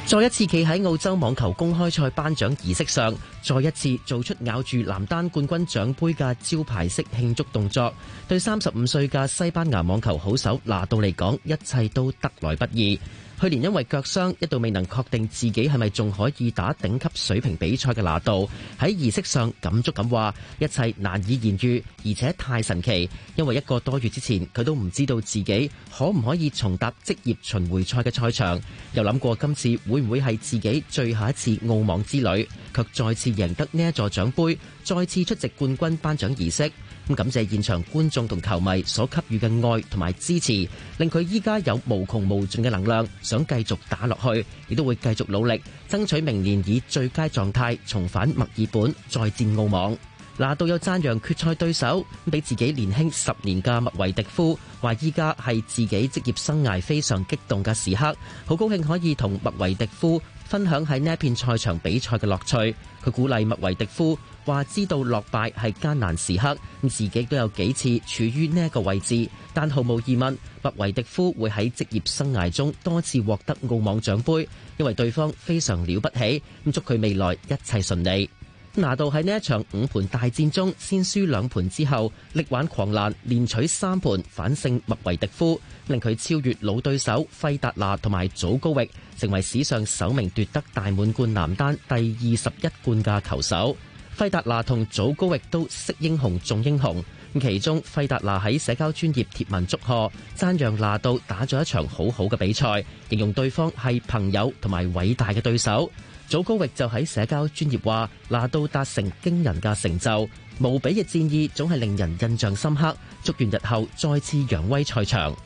S10: 再一次企喺澳洲網球公開賽頒獎儀式上，再一次做出咬住男單冠軍獎杯嘅招牌式慶祝動作。對三十五歲嘅西班牙網球好手拿度嚟講，一切都得來不易。去年因為腳傷一度未能確定自己係咪仲可以打頂級水平比賽嘅拿度，喺儀式上感觸咁話一切難以言喻，而且太神奇。因為一個多月之前佢都唔知道自己可唔可以重踏職業巡回賽嘅賽場，又諗過今次會唔會係自己最後一次澳網之旅，卻再次贏得呢一座獎杯，再次出席冠軍頒獎儀式。咁感謝現場觀眾同球迷所給予嘅愛同埋支持，令佢依家有無窮無盡嘅能量，想繼續打落去，亦都會繼續努力，爭取明年以最佳狀態重返墨爾本再戰澳網。拿度有讚揚決賽對手，咁俾自己年輕十年嘅麥維迪夫話，依家係自己職業生涯非常激動嘅時刻，好高興可以同麥維迪夫分享喺呢一片賽場比賽嘅樂趣。佢鼓勵麥維迪夫。話知道落敗係艱難時刻，咁自己都有幾次處於呢一個位置，但毫無疑問，麥維迪夫會喺職業生涯中多次獲得澳網獎杯，因為對方非常了不起。咁祝佢未來一切順利。拿度喺呢一場五盤大戰中先輸兩盤之後，力挽狂瀾，連取三盤反勝麥維迪夫，令佢超越老對手費達拿同埋祖高域，成為史上首名奪得大滿貫男單第二十一冠嘅球手。費達拿同祖高域都識英雄重英雄，其中費達拿喺社交專業貼文祝賀，讚揚拿度打咗一場好好嘅比賽，形容對方係朋友同埋偉大嘅對手。祖高域就喺社交專業話，拿度達成驚人嘅成就，無比嘅戰意總係令人印象深刻，祝願日後再次揚威賽場。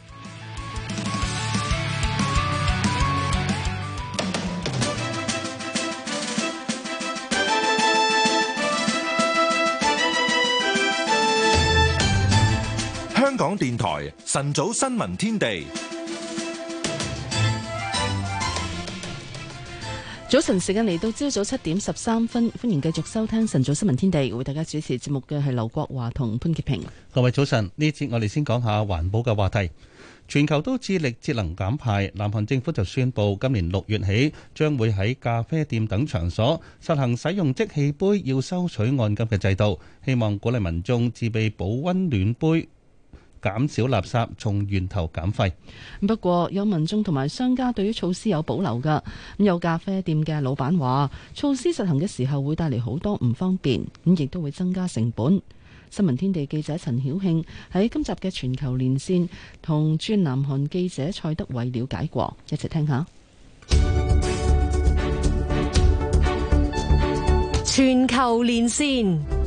S1: 港電台晨早新聞天地，
S3: 早晨時間嚟到朝早七點十三分，歡迎繼續收聽晨早新聞天地。為大家主持節目嘅係劉國華同潘潔平。
S4: 各位早晨，呢節我哋先講下環保嘅話題。全球都致力節能減排，南韓政府就宣布今年六月起，將會喺咖啡店等場所實行使用即棄杯要收取按金嘅制度，希望鼓勵民眾自備保溫暖杯。減少垃圾，從源頭減廢。
S3: 不過有民眾同埋商家對於措施有保留噶。咁有咖啡店嘅老闆話，措施實行嘅時候會帶嚟好多唔方便，咁亦都會增加成本。新聞天地記者陳曉慶喺今集嘅全，全球連線，同駐南韓記者蔡德偉了解過，一齊聽下。
S5: 全球連線。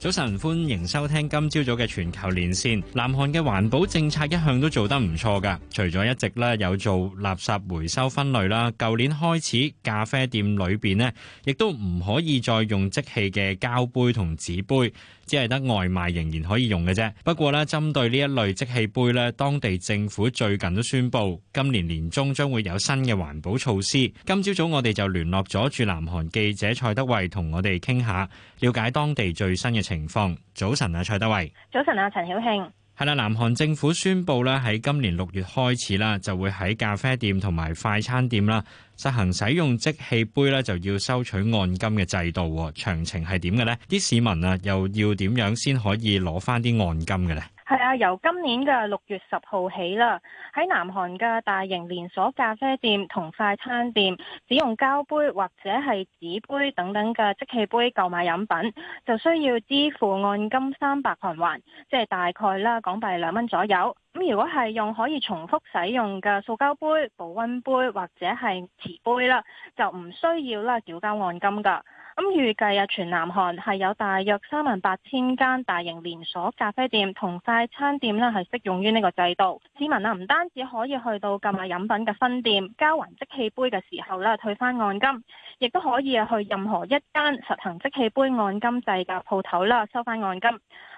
S9: 早晨，歡迎收聽今朝早嘅全球連線。南韓嘅環保政策一向都做得唔錯㗎，除咗一直咧有做垃圾回收分類啦，舊年開始咖啡店裏邊呢亦都唔可以再用即棄嘅膠杯同紙杯。只係得外賣仍然可以用嘅啫。不過咧，針對呢一類即棄杯咧，當地政府最近都宣布今年年中將會有新嘅環保措施。今朝早，早我哋就聯絡咗駐南韓記者蔡德慧同我哋傾下，了解當地最新嘅情況。早晨啊，蔡德慧。
S13: 早晨啊，陳曉慶。
S9: 係啦，南韓政府宣布呢，喺今年六月開始啦，就會喺咖啡店同埋快餐店啦。實行使用即棄杯咧，就要收取按金嘅制度，詳情係點嘅咧？啲市民啊，又要點樣先可以攞返啲按金嘅咧？
S13: 係啊，由今年嘅六月十號起啦，喺南韓嘅大型連鎖咖啡店同快餐店，只用膠杯或者係紙杯等等嘅即棄杯購買飲品，就需要支付按金三百韓元，即係大概啦港幣兩蚊左右。咁如果係用可以重複使用嘅塑膠杯、保溫杯或者係瓷杯啦，就唔需要啦繳交按金噶。咁預計啊，全南韓係有大約三萬八千間大型連鎖咖啡店同快餐店呢，係適用於呢個制度。市民啊，唔單止可以去到購買飲品嘅分店交還即棄杯嘅時候呢，退翻按金，亦都可以去任何一間實行即棄杯按金制嘅鋪頭啦，收翻按金。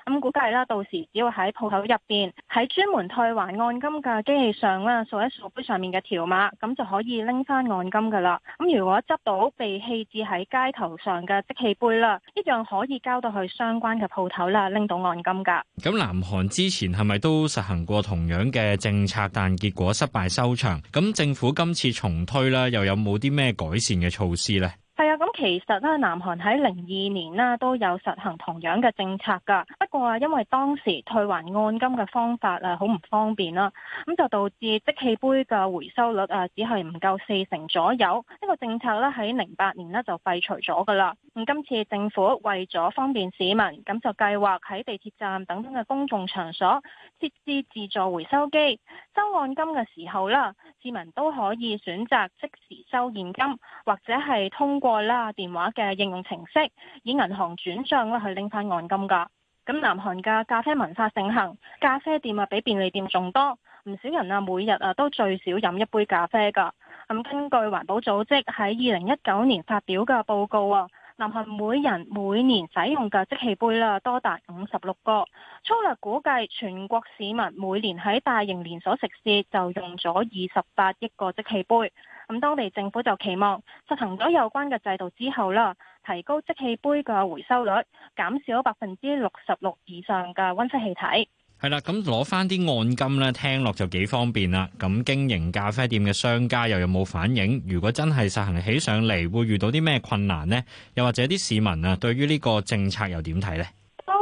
S13: 咁估計啦，到時只要喺鋪頭入邊，喺專門退還按金嘅機器上啦，掃一掃杯上面嘅條碼，咁就可以拎翻按金噶啦。咁如果執到被棄置喺街頭上嘅即棄杯啦，一樣可以交到去相關嘅鋪頭啦，拎到按金噶。
S9: 咁南韓之前係咪都實行過同樣嘅政策，但結果失敗收場？咁政府今次重推啦，又有冇啲咩改善嘅措施呢？
S13: 係啊，咁其實咧，南韓喺零二年啦都有實行同樣嘅政策噶，不過啊，因為當時退還按金嘅方法啊好唔方便啦，咁就導致即棄杯嘅回收率啊只係唔夠四成左右。呢個政策咧喺零八年咧就廢除咗噶啦。咁今次政府為咗方便市民，咁就計劃喺地鐵站等等嘅公眾場所設置自助回收機，收按金嘅時候啦，市民都可以選擇即時收現金或者係通。過啦，電話嘅應用程式以銀行轉賬啦去拎翻按金噶。咁南韓嘅咖啡文化盛行，咖啡店啊比便利店仲多，唔少人啊每日啊都最少飲一杯咖啡噶。咁根據環保組織喺二零一九年發表嘅報告啊，南韓每人每年使用嘅即棄杯啦多達五十六個，粗略估計全國市民每年喺大型連鎖食肆就用咗二十八億個即棄杯。咁當地政府就期望實行咗有關嘅制度之後啦，提高即棄杯嘅回收率，減少百分之六十六以上嘅溫室氣體。
S9: 係啦，咁攞翻啲按金咧，聽落就幾方便啦。咁經營咖啡店嘅商家又有冇反應？如果真係實行起上嚟，會遇到啲咩困難呢？又或者啲市民啊，對於呢個政策又點睇呢？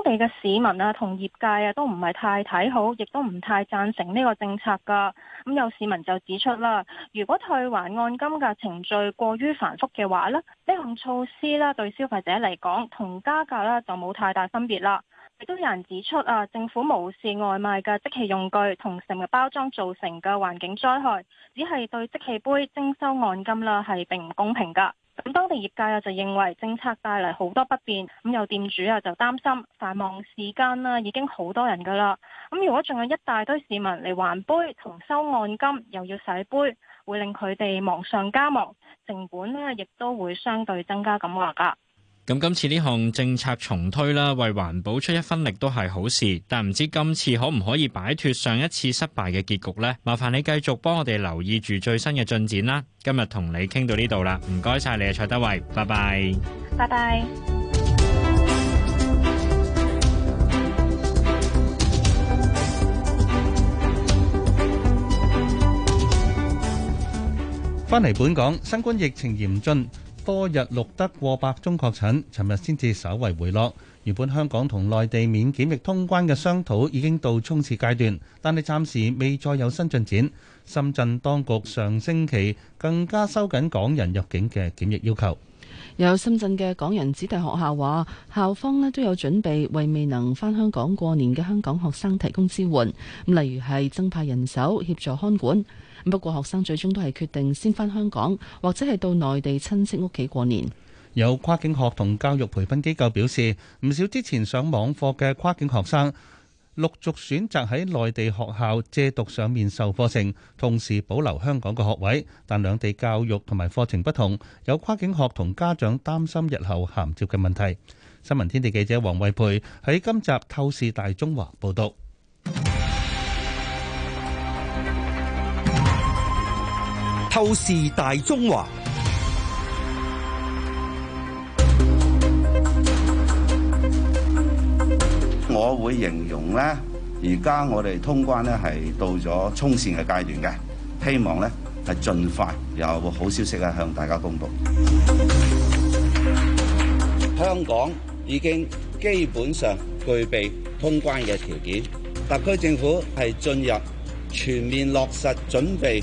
S13: 本地嘅市民啊，同業界啊，都唔係太睇好，亦都唔太贊成呢個政策噶。咁有市民就指出啦，如果退還按金嘅程序過於繁複嘅話咧，呢項措施啦，對消費者嚟講，同加價啦就冇太大分別啦。亦都有人指出啊，政府無視外賣嘅即棄用具同食物包裝造成嘅環境災害，只係對即棄杯徵收按金啦，係並唔公平噶。咁當地業界啊就認為政策帶嚟好多不便，咁有店主啊就擔心繁忙時間啦已經好多人噶啦，咁如果仲有一大堆市民嚟還杯同收按金，又要洗杯，會令佢哋忙上加忙，成本呢亦都會相對增加噉話㗎。
S9: 咁今次呢項政策重推啦，為環保出一分力都係好事，但唔知今次可唔可以擺脫上一次失敗嘅結局呢？麻煩你繼續幫我哋留意住最新嘅進展啦。今日同你傾到呢度啦，唔該晒你啊，蔡德偉，拜拜，
S14: 拜拜。
S4: 翻嚟本港，新冠疫情嚴峻。多日錄得過百宗確診，尋日先至稍為回落。原本香港同內地免檢疫通關嘅商討已經到衝刺階段，但係暫時未再有新進展。深圳當局上星期更加收緊港人入境嘅檢疫要求。
S3: 有深圳嘅港人子弟學校話，校方呢都有準備為未能返香港過年嘅香港學生提供支援，例如係增派人手協助看管。不過學生最終都係決定先翻香港，或者係到內地親戚屋企過年。
S4: 有跨境學童教育培訓機構表示，唔少之前上網課嘅跨境學生陸續選擇喺內地學校借讀上面授課程，同時保留香港嘅學位。但兩地教育同埋課程不同，有跨境學童家長擔心日後銜接嘅問題。新聞天地記者黃慧培喺今集透視大中華報
S17: 道。就是大中華，
S4: 我會形容呢，而家我哋通關呢係到咗衝線嘅階段嘅，希望呢係盡快有好消息啊向大家公布。香港已經基本上具備通關嘅條件，特區政府係進入全面落實準備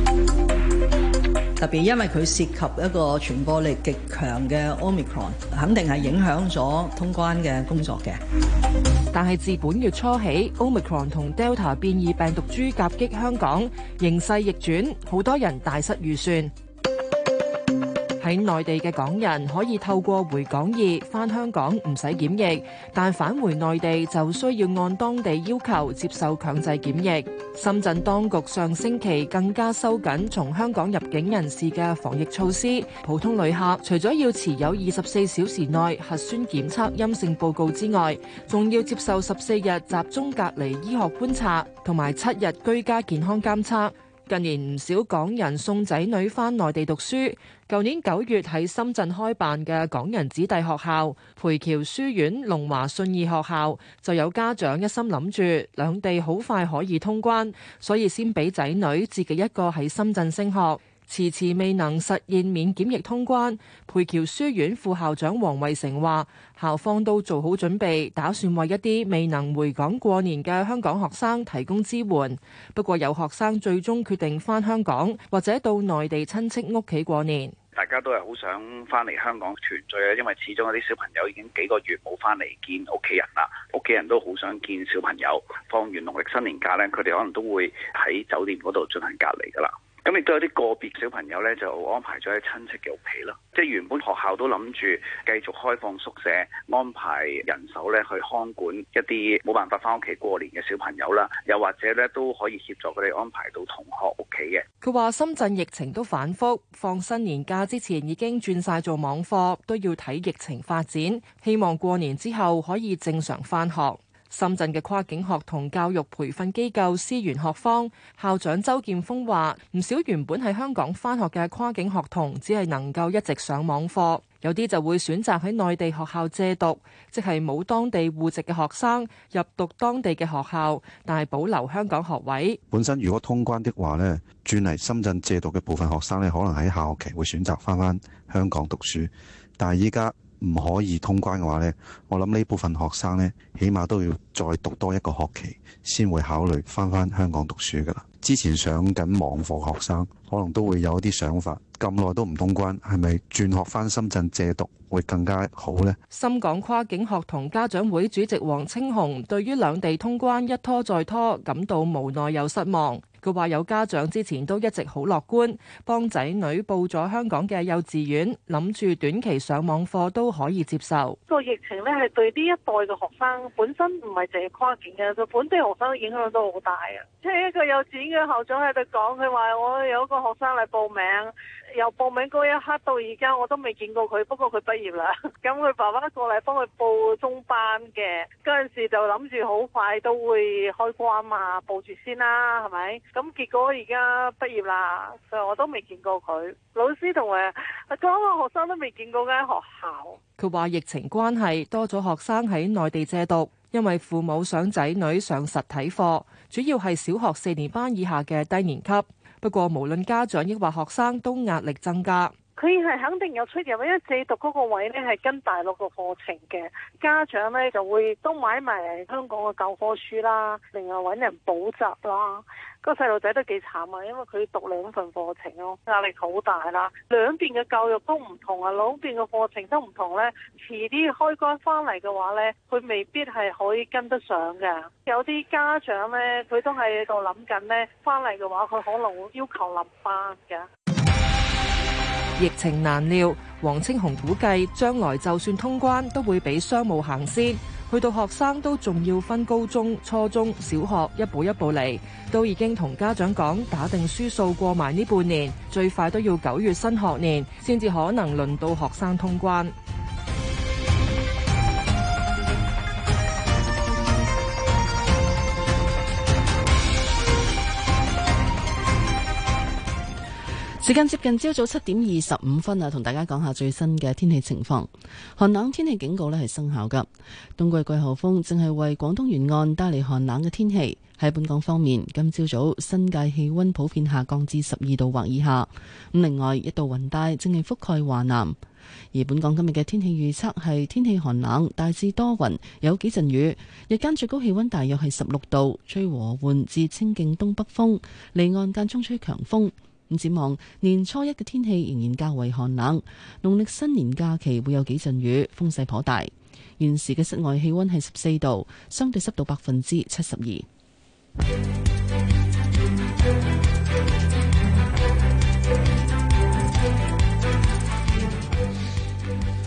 S18: 特別因為佢涉及一個傳播力極強嘅 Omicron，肯定係影響咗通關嘅工作嘅。但係自本月初起，Omicron 同 Delta 變異病毒株夾擊香港，形勢逆轉，好多人大失預算。喺內地嘅港人可以透過回港易返香港唔使檢疫，但返回內地就需要按當地要求接受強制檢疫。深圳當局上星期更加收緊從香港入境人士嘅防疫措施，普通旅客除咗要持有二十四小時內核酸檢測陰性報告之外，仲要接受十四日集中隔離醫學觀察同埋七日居家健康監測。近年唔少港人送仔女返內地讀書，舊年九月喺深圳開辦嘅港人子弟學校——培僑書院、龍華信義學校，就有家長一心諗住兩地好快可以通關，所以先俾仔女自己一個喺深圳升學。遲遲未能實現免檢疫通關，培橋書院副校長黃慧成話：校方都做好準備，打算為一啲未能回港過年嘅香港學生提供支援。不過，有學生最終決定返香港或者到內地親戚屋企過年。
S12: 大家都係好想翻嚟香港團聚啊，因為始終有啲小朋友已經幾個月冇翻嚟見屋企人啦，屋企人都好想見小朋友。放完農曆新年假呢，佢哋可能都會喺酒店嗰度進行隔離㗎啦。咁亦都有啲個別小朋友咧，就安排咗喺親戚嘅屋企咯。即係原本學校都諗住繼續開放宿舍，安排人手咧去看管一啲冇辦法翻屋企過年嘅小朋友啦。又或者咧都可以協助佢哋安排到同學
S17: 屋企嘅。
S18: 佢話：深圳疫情都反覆，放新年假之前已經轉晒做網課，都要睇疫情發展。希望過年之後可以正常翻學。深圳嘅跨境學童教育培訓機構思源學方校長周劍鋒話，唔少原本喺香港翻學嘅跨境學童，只係能夠一直上網課，有啲就會選擇喺內地學校借讀，即係冇當地戶籍嘅學生入讀當地嘅學校，但係保留香港學位。
S11: 本身如果通關的話咧，轉嚟深圳借讀嘅部分學生咧，可能喺下學期會選擇翻翻香港讀書，但係依家。唔可以通關嘅話呢，我諗呢部分學生呢，起碼都要再讀多一個學期，先會考慮返返香港讀書㗎喇。之前上緊網課學生，可能都會有啲想法，咁耐都唔通關，係咪轉學返深圳借讀會更加好呢？
S18: 深港跨境學童家長會主席黃清雄對於兩地通關一拖再拖，感到無奈又失望。佢話有家長之前都一直好樂觀，幫仔女報咗香港嘅幼稚園，諗住短期上網課都可以接受。
S19: 個疫情咧係對呢一代嘅學生本身唔係淨係跨境嘅，對本地學生影響都好大啊！即係一個幼稚園嘅校長喺度講，佢話我有一個學生嚟報名。由報名嗰一刻到而家，我都未見過佢。不過佢畢業啦，咁 [LAUGHS] 佢爸爸過嚟幫佢報中班嘅嗰陣時，就諗住好快都會開關啊嘛，報住先啦，係咪？咁 [LAUGHS] 結果而家畢業啦，所以我都未見過佢。老師同誒、啊，嗰個學生都未見過間學校。
S18: 佢話疫情關係多咗學生喺內地借讀，因為父母想仔女上實體課，主要係小學四年班以下嘅低年級。不過，無論家長抑或學生，都壓力增加。
S13: 佢係肯
S19: 定有出入，因為自讀嗰個位咧係跟大陸個課程嘅，家長咧就會都買埋嚟香港嘅教科書啦，另外揾人補習啦。個細路仔都幾慘啊，因為佢讀兩份課程咯，壓力好大啦。兩邊嘅教育都唔同啊，兩邊嘅課程都唔同咧。遲啲開關翻嚟嘅話咧，佢未必係可以跟得上嘅。有啲家長咧，佢都係度諗緊咧，翻嚟嘅話佢可能會要求臨班嘅。
S18: 疫情難料，黃清雄估計將來就算通關，都會俾商務行先。去到學生都仲要分高中、初中、小學一步一步嚟，都已經同家長講打定輸數，過埋呢半年，最快都要九月新學年先至可能輪到學生通關。
S3: 時間接近朝早七點二十五分啊，同大家講下最新嘅天氣情況。寒冷天氣警告咧係生效噶，冬季季候風正係為廣東沿岸帶嚟寒冷嘅天氣。喺本港方面，今朝早新界氣溫普遍下降至十二度或以下。咁另外一度雲帶正係覆蓋華南，而本港今日嘅天氣預測係天氣寒冷，大致多雲，有幾陣雨。日間最高氣溫大約係十六度，吹和緩至清勁東北風，離岸間中吹強風。展望年初一嘅天氣仍然較為寒冷，農曆新年假期會有幾陣雨，風勢頗大。現時嘅室外氣溫係十四度，相對濕度百分之七十二。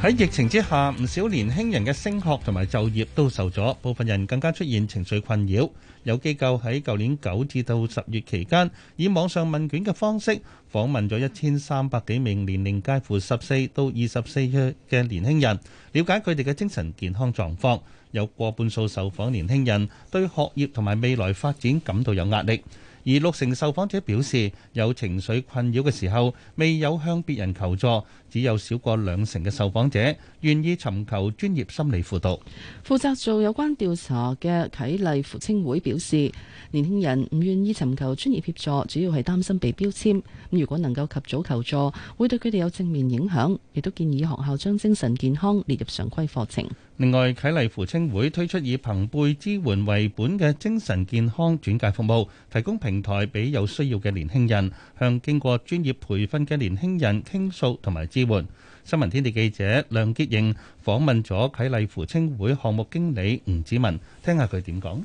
S4: 喺疫情之下，唔少年輕人嘅升學同埋就業都受阻，部分人更加出現情緒困擾。有機構喺舊年九至到十月期間，以網上問卷嘅方式訪問咗一千三百幾名年齡介乎十四到二十四歲嘅年輕人，了解佢哋嘅精神健康狀況。有過半數受訪年輕人對學業同埋未來發展感到有壓力，而六成受訪者表示有情緒困擾嘅時候，未有向別人求助。只有少過兩成嘅受訪者願意尋求專業心理輔導。
S3: 負責做有關調查嘅啟麗扶青會表示，年輕人唔願意尋求專業協助，主要係擔心被標籤，如果能夠及早求助，會對佢哋有正面影響，亦都建議學校將精神健康列入常規課程。
S4: 另外，啟麗扶青會推出以朋輩支援為本嘅精神健康轉介服務，提供平台俾有需要嘅年輕人向經過專業培訓嘅年輕人傾訴同埋新聞天地記者梁潔瑩訪問咗啟麗扶青會項目經理吳子文，聽下佢點講。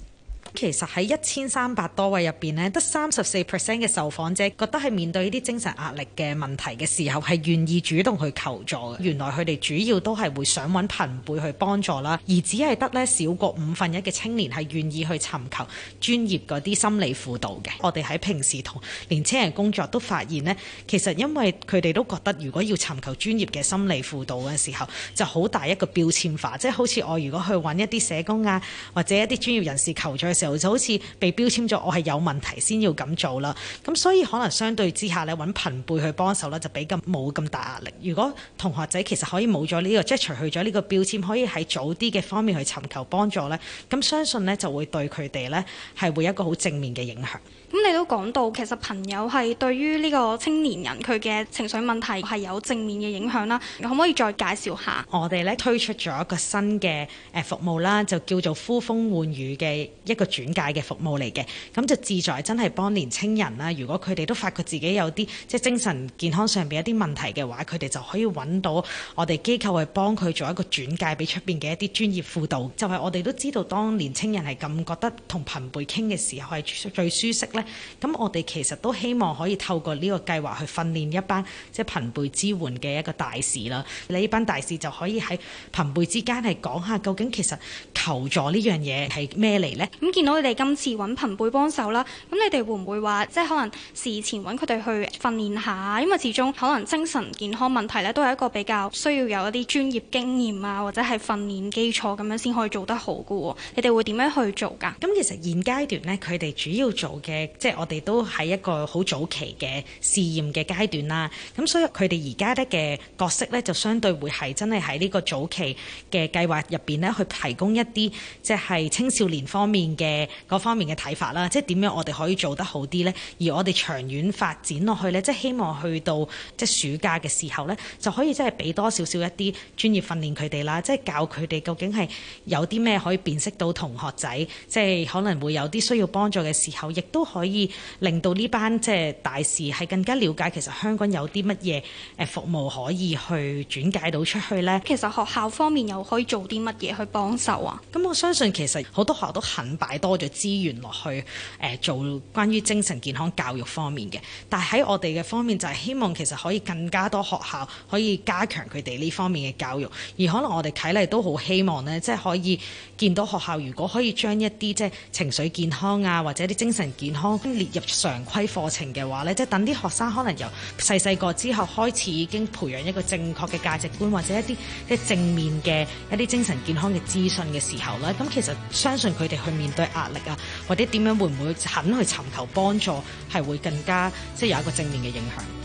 S20: 其實喺一千三百多位入邊呢，得三十四 percent 嘅受訪者覺得係面對呢啲精神壓力嘅問題嘅時候，係願意主動去求助嘅。原來佢哋主要都係會想揾朋輩去幫助啦，而只係得呢少過五分一嘅青年係願意去尋求專業嗰啲心理輔導嘅。我哋喺平時同年青人工作都發現呢，其實因為佢哋都覺得如果要尋求專業嘅心理輔導嘅時候，就好大一個標籤化，即係好似我如果去揾一啲社工啊，或者一啲專業人士求助。就好似被標籤咗，我係有問題先要咁做啦。咁所以可能相對之下咧，揾朋輩去幫手咧，就比較冇咁大壓力。如果同學仔其實可以冇咗呢個，即係除去咗呢個標籤，可以喺早啲嘅方面去尋求幫助咧，咁相信咧就會對佢哋咧係會有一個好正面嘅影響。
S2: 咁你都講到，其實朋友係對於呢個青年人佢嘅情緒問題係有正面嘅影響啦。可唔可以再
S20: 介紹下？我哋呢推出咗一個新嘅誒服務啦，就叫做呼風喚雨嘅一個轉介嘅服務嚟嘅。咁就旨在真係幫年青人啦。如果佢哋都發覺自己有啲即係精神健康上邊一啲問題嘅話，佢哋就可以揾到我哋機構去幫佢做一個轉介俾出邊嘅一啲專業輔導。就係、是、我哋都知道，當年青人係咁覺得同朋輩傾嘅時候係最舒適。咁、嗯、我哋其實都希望可以透過呢個計劃去訓練一班即係朋輩支援嘅一個大使啦。你呢班大使就可以喺朋輩之間係講下究竟其實求助呢樣嘢係咩嚟呢？咁、嗯、見到你哋今次揾朋輩幫手啦，咁你哋會唔會話即係可能事前
S2: 揾佢哋去訓練下？因為始終可能精神健康問題呢都係一個比較需要有
S20: 一啲專業經驗啊，或者係訓練基礎咁樣先可以做得好㗎喎。你哋會點樣去做㗎？咁、嗯、其實現階段呢，佢哋主要做嘅。即係我哋都係一個好早期嘅試驗嘅階段啦，咁所以佢哋而家咧嘅角色咧就相對會係真係喺呢個早期嘅計劃入邊咧，去提供一啲即係青少年方面嘅各方面嘅睇法啦。即係點樣我哋可以做得好啲咧？而我哋長遠發展落去咧，即係希望去到即係暑假嘅時候咧，就可以真係俾多少少一啲專業訓練佢哋啦。即係教佢哋究竟係有啲咩可以辨識到同學仔，即係可能會有啲需要幫助嘅時候，亦都可。可以令到呢班即係大使係更加了解，其實香港有啲乜嘢誒服務可以去轉介到出去咧？其實學校方面又可以做啲乜嘢去幫手啊？咁我相信其實好多學校都肯擺多咗資源落去誒、呃、做關於精神健康教育方面嘅。但喺我哋嘅方面就係希望其實可以更加多學校可以加強佢哋呢方面嘅教育，而可能我哋啟例都好希望咧，即、就、係、是、可以見到學校如果可以將一啲即係情緒健康啊或者啲精神健康。列入常規課程嘅話咧，即、就、係、是、等啲學生可能由細細個之後開始已經培養一個正確嘅價值觀，或者一啲嘅正面嘅一啲精神健康嘅資訊嘅時候咧，咁其實相信佢哋去面對壓力啊，或者點樣會唔會肯去尋求幫助，係會更加即係有一個正面嘅影響。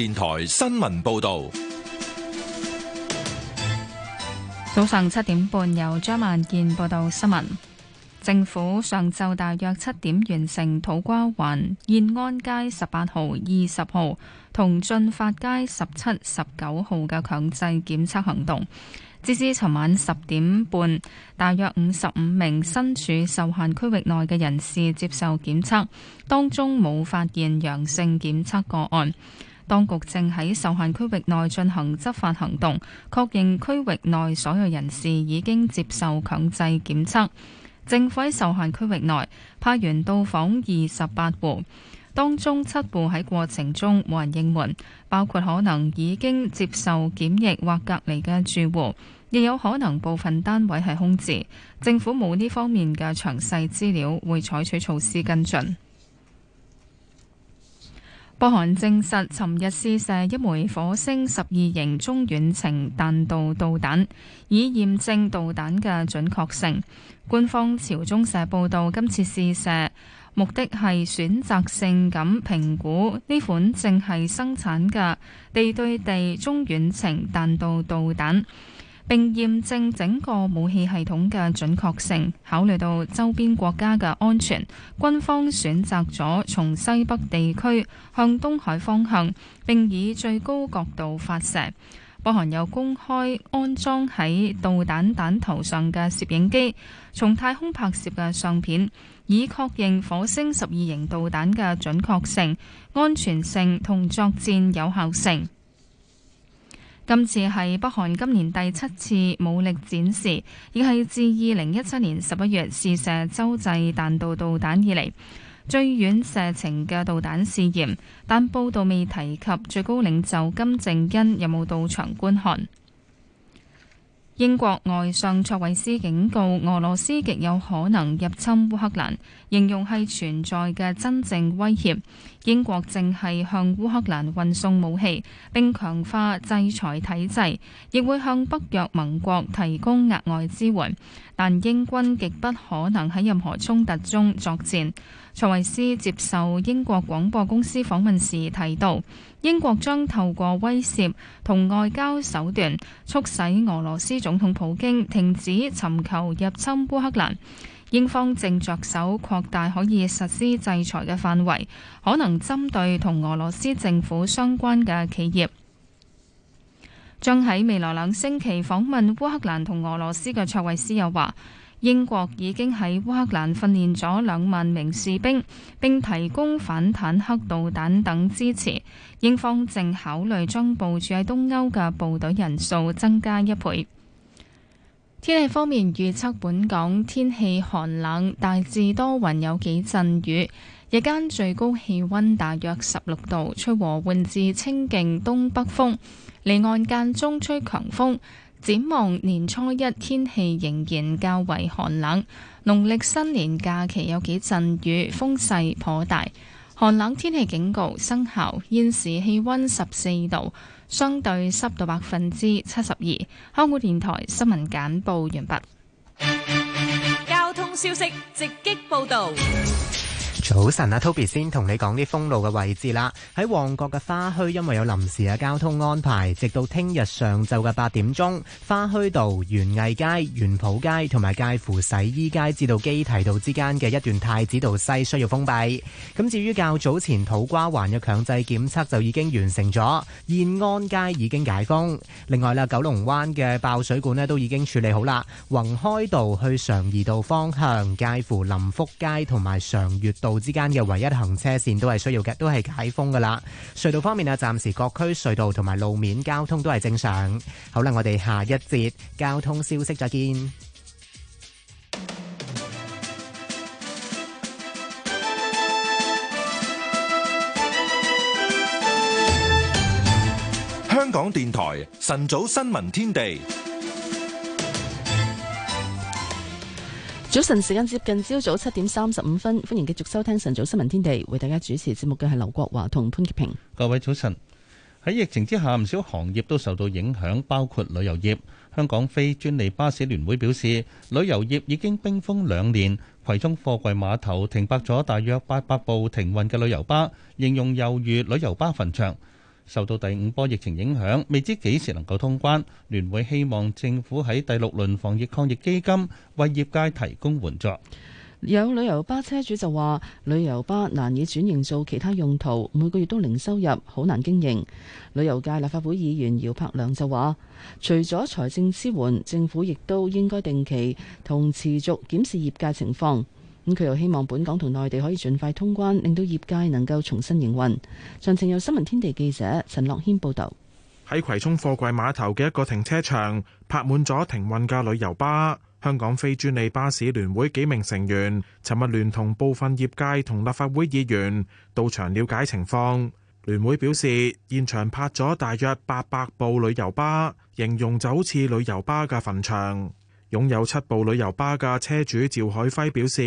S1: 電台新聞報道，
S16: 早上七點半由張萬健報道新聞。政府上晝大約七點完成土瓜灣燕安街十八號、二十號同進發街十七、十九號嘅強制檢測行動。截至尋晚十點半，大約五十五名身處受限區域內嘅人士接受檢測，當中冇發現陽性檢測個案。當局正喺受限區域內進行執法行動，確認區域內所有人士已經接受強制檢測。政府喺受限區域內派員到訪二十八戶，當中七戶喺過程中冇人應門，包括可能已經接受檢疫或隔離嘅住戶，亦有可能部分單位係空置。政府冇呢方面嘅詳細資料，會採取措施跟進。北韓證實，尋日試射一枚火星十二型中遠程彈道導彈，以驗證導彈嘅準確性。官方朝中社報道，今次試射目的係選擇性噉評估呢款正係生產嘅地對地中遠程彈道導彈。並驗證整個武器系統嘅準確性。考慮到周邊國家嘅安全，軍方選擇咗從西北地區向東海方向，並以最高角度發射。北韓有公開安裝喺導彈彈頭上嘅攝影機，從太空拍攝嘅相片，以確認火星十二型導彈嘅準確性、安全性同作戰有效性。今次係北韓今年第七次武力展示，亦係自二零一七年十一月試射洲際彈道導彈以嚟最遠射程嘅導彈試驗，但報道未提及最高領袖金正恩有冇到場觀看。英國外相卓慧思警告俄羅斯極有可能入侵烏克蘭，形容係存在嘅真正威脅。英國正係向烏克蘭運送武器，並強化制裁體制，亦會向北約盟國提供額外支援。但英軍極不可能喺任何衝突中作戰。卓慧思接受英國廣播公司訪問時提到。英國將透過威脅同外交手段，促使俄羅斯總統普京停止尋求入侵烏克蘭。英方正着手擴大可以實施制裁嘅範圍，可能針對同俄羅斯政府相關嘅企業。將喺未來兩星期訪問烏克蘭同俄羅斯嘅卓惠斯又話。英國已經喺烏克蘭訓練咗兩萬名士兵，並提供反坦克導彈等支持。英方正考慮將部署喺東歐嘅部隊人數增加一倍。天氣方面預測，本港天氣寒冷，大致多雲有幾陣雨，日間最高氣温大約十六度，吹和緩至清勁東北風，離岸間中吹強風。展望年初一，天氣仍然較為寒冷。農曆新年假期有幾陣雨，風勢頗大。寒冷天氣警告生效，現時氣温十四度，相對濕度百分之七十二。香港電台新聞簡報完畢。
S2: 交通消息直擊報道。
S10: 早晨啊，Toby 先同你講啲封路嘅位置啦。喺旺角嘅花墟，因為有臨時嘅交通安排，直到聽日上晝嘅八點鐘，花墟道、園藝街、園圃街同埋介乎洗衣街至到基堤道之間嘅一段太子道西需要封閉。咁至於較早前土瓜灣嘅強制檢測就已經完成咗，燕安街已經解封。另外啦，九龍灣嘅爆水管咧都已經處理好啦。宏開道去常怡道方向介乎林福街同埋常悅道之間嘅唯一行車線都係需要嘅，都係解封㗎喇。隧道方面啊，暫時各區隧道同埋路面交通都係正常。好啦，我哋下一節交通消息再見。
S1: 香港電台晨早新聞天地。
S3: 早晨時間接近朝早七點三十五分，歡迎繼續收聽晨早新聞天地，為大家主持節目嘅係劉國華同潘潔平。
S4: 各位早晨！喺疫情之下，唔少行業都受到影響，包括旅遊業。香港非專利巴士聯會表示，旅遊業已經冰封兩年，葵涌貨櫃碼頭停泊咗大約八百部停運嘅旅遊巴，形容猶如旅遊巴墳場。受到第五波疫情影響，未知幾時能夠通關，聯會希望政府喺第六輪防疫抗疫基金為業界提供援助。
S3: 有旅遊巴車主就話，旅遊巴難以轉型做其他用途，每個月都零收入，好難經營。旅遊界立法會議員姚柏良就話，除咗財政支援，政府亦都應該定期同持續檢視業界情況。佢又希望本港同內地可以盡快通關，令到業界能夠重新營運。詳情有新聞天地記者陳樂軒報道。
S7: 喺葵涌貨櫃碼頭嘅一個停車場，泊滿咗停運嘅旅遊巴。香港非專利巴士聯會幾名成員，尋日聯同部分業界同立法會議員到場了解情況。聯會表示，現場泊咗大約八百部旅遊巴，形容就好似旅遊巴嘅墳場。擁有七部旅遊巴嘅車主趙海輝表示，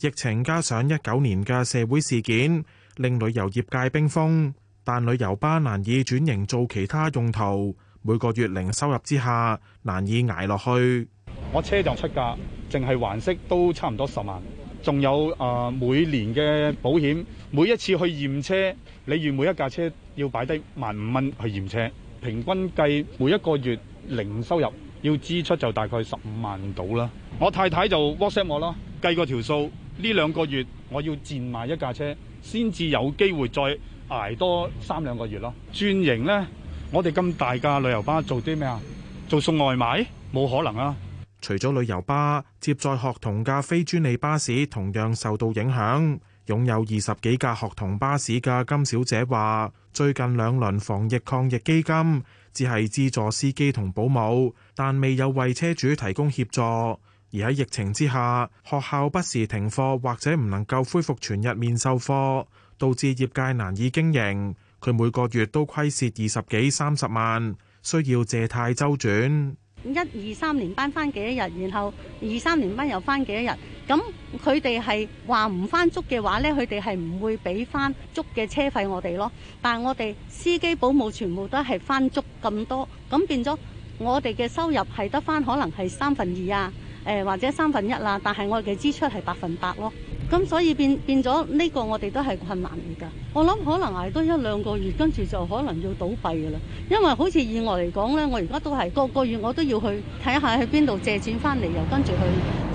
S7: 疫情加上一九年嘅社會事件，令旅遊業界冰封。但旅遊巴難以轉型做其他用途，每個月零收入之下，難以捱落去。我車就七架，淨係還息都差唔多十萬，仲有啊、呃、每年嘅保險，
S4: 每一次去驗車，你預每一架車要擺低萬五蚊去驗車，平均計每一個月零收入。要支出就大概十五萬到啦。
S8: 我太太就 WhatsApp 我咯，計過條數，呢兩個月我要賣埋一架車，先至有機會再捱多三兩個月咯。轉型呢，我哋咁大
S7: 架旅遊巴做啲咩啊？做送外賣冇可能啊！除咗旅遊巴接載學童嘅非專利巴士同樣受到影響，擁有二十幾架學童巴士嘅金小姐話：最近兩輪防疫抗疫基金只係資助司機同保姆。但未有為車主提供協助，而喺疫情之下，學校不時停課或者唔能夠恢復全日面授課，導致業界難以經營。佢每個月都虧蝕二十幾三十萬，需要借貸周轉。一
S19: 二三年班翻幾多日，然後二三年班又翻幾多日？咁佢哋係話唔翻足嘅話呢，佢哋係唔會俾翻足嘅車費我哋咯。但係我哋司機保姆全部都係翻足咁多，咁變咗。我哋嘅收入係得翻可能係三分二啊，誒或者三分一啦，但係我哋嘅支出係百分百咯。咁所以變變咗呢個我，我哋都係困難嚟㗎。我諗可能捱多一兩個月，跟住就可能要倒閉㗎啦。因為好似意外嚟講咧，我而家都係個個月，我都要去睇下去邊度借錢翻嚟，又跟住去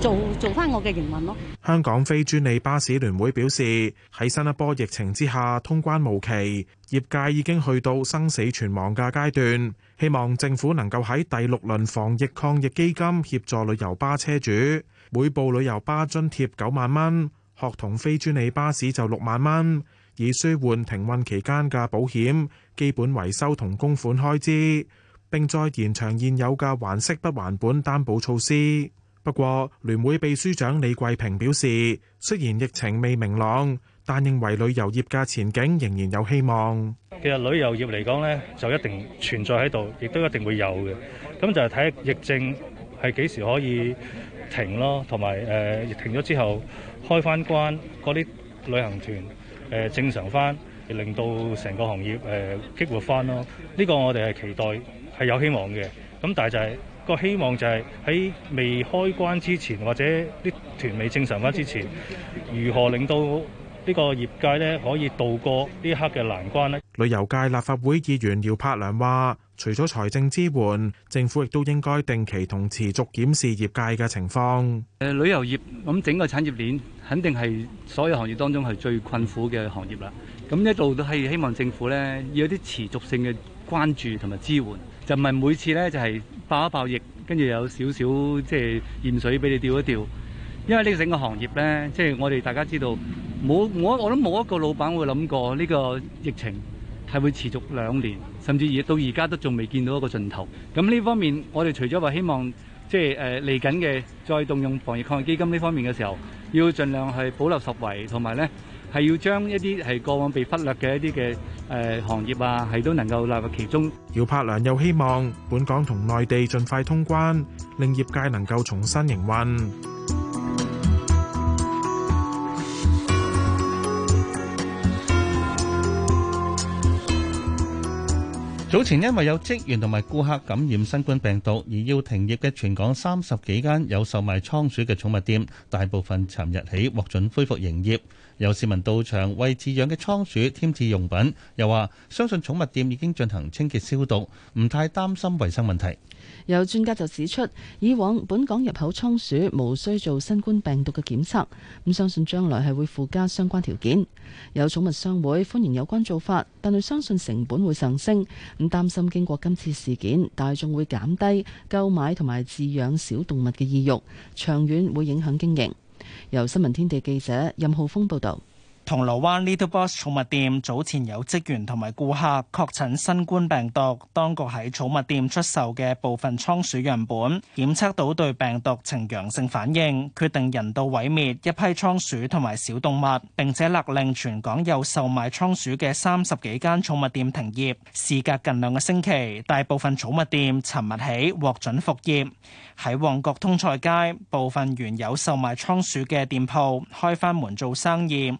S19: 做做翻我嘅營運咯。
S7: 香港非專利巴士聯會表示，喺新一波疫情之下，通關無期，業界已經去到生死存亡嘅階段。希望政府能夠喺第六輪防疫抗疫基金協助旅遊巴車主，每部旅遊巴津貼九萬蚊。學童非專利巴士就六萬蚊，以舒緩停運期間嘅保險、基本維修同公款開支。並再延長現有嘅還息不還本擔保措施。不過，聯會秘書長李桂平表示，雖然疫情未明朗，但認為旅遊業嘅前景仍然有希望。
S4: 其實旅遊業嚟講呢，就一定存在喺度，亦都一定會有嘅。咁就係睇疫症係幾時可以停咯，同埋誒停咗之後。開翻關嗰啲旅行團，
S8: 誒正常翻，亦令到成個行業誒激活翻咯。呢個我哋係期待係有希望嘅，咁但係就係個希望就係喺未開關之前，或者啲團未正常翻之前，如何令到，呢個業界咧可以渡過呢刻嘅難關咧。
S7: 旅遊界立法會議員姚柏良話，除咗財政支援，政府亦都應該定期同持續檢視業界嘅情況。
S8: 誒旅遊業咁整個產業鏈，肯定係所有行業當中係最困苦嘅行業啦。咁一度都係希望政府咧要有啲持續性嘅關注同埋支援，就唔係每次咧就係、是、爆一爆疫，跟住有少少即係鹽水俾你吊一吊。因為呢個整個行業咧，即係我哋大家知道冇我我諗冇一個老闆會諗過呢個疫情係會持續兩年，甚至而到而家都仲未見到一個盡頭。咁呢方面，我哋除咗話希望即係誒嚟緊嘅再動用防疫抗疫基金呢方面嘅時候，要儘量係保留十圍，同埋咧係要將一啲係過往被忽略嘅一啲嘅誒行業啊，係都能夠納入其中。
S7: 姚柏良又希望本港同內地盡快通關，令業界能夠重新營運。
S4: 早前因為有職員同埋顧客感染新冠病毒，而要停業嘅全港三十幾間有售賣倉鼠嘅寵物店，大部分尋日起獲准恢復營業。有市民到場為飼養嘅倉鼠添置用品，又話相信寵物店已經進行清潔消毒，唔太擔心衛生問題。
S3: 有專家就指出，以往本港入口倉鼠無需做新冠病毒嘅檢測，咁相信將來係會附加相關條件。有寵物商會歡迎有關做法，但係相信成本會上升，咁擔心經過今次事件，大眾會減低購買同埋飼養小動物嘅意欲，長遠會影響經營。由新聞天地記者任浩峰報道。
S17: 銅鑼灣 Little Boss 寵物店早前有職員同埋顧客確診新冠病毒，當局喺寵物店出售嘅部分倉鼠樣本檢測到對病毒呈陽性反應，決定人道毀滅一批倉鼠同埋小動物，並且勒令全港有售賣倉鼠嘅三十幾間寵物店停業。事隔近兩個星期，大部分寵物店尋日起獲准復業，喺旺角通菜街部分原有售賣倉鼠嘅店鋪開返門做生意。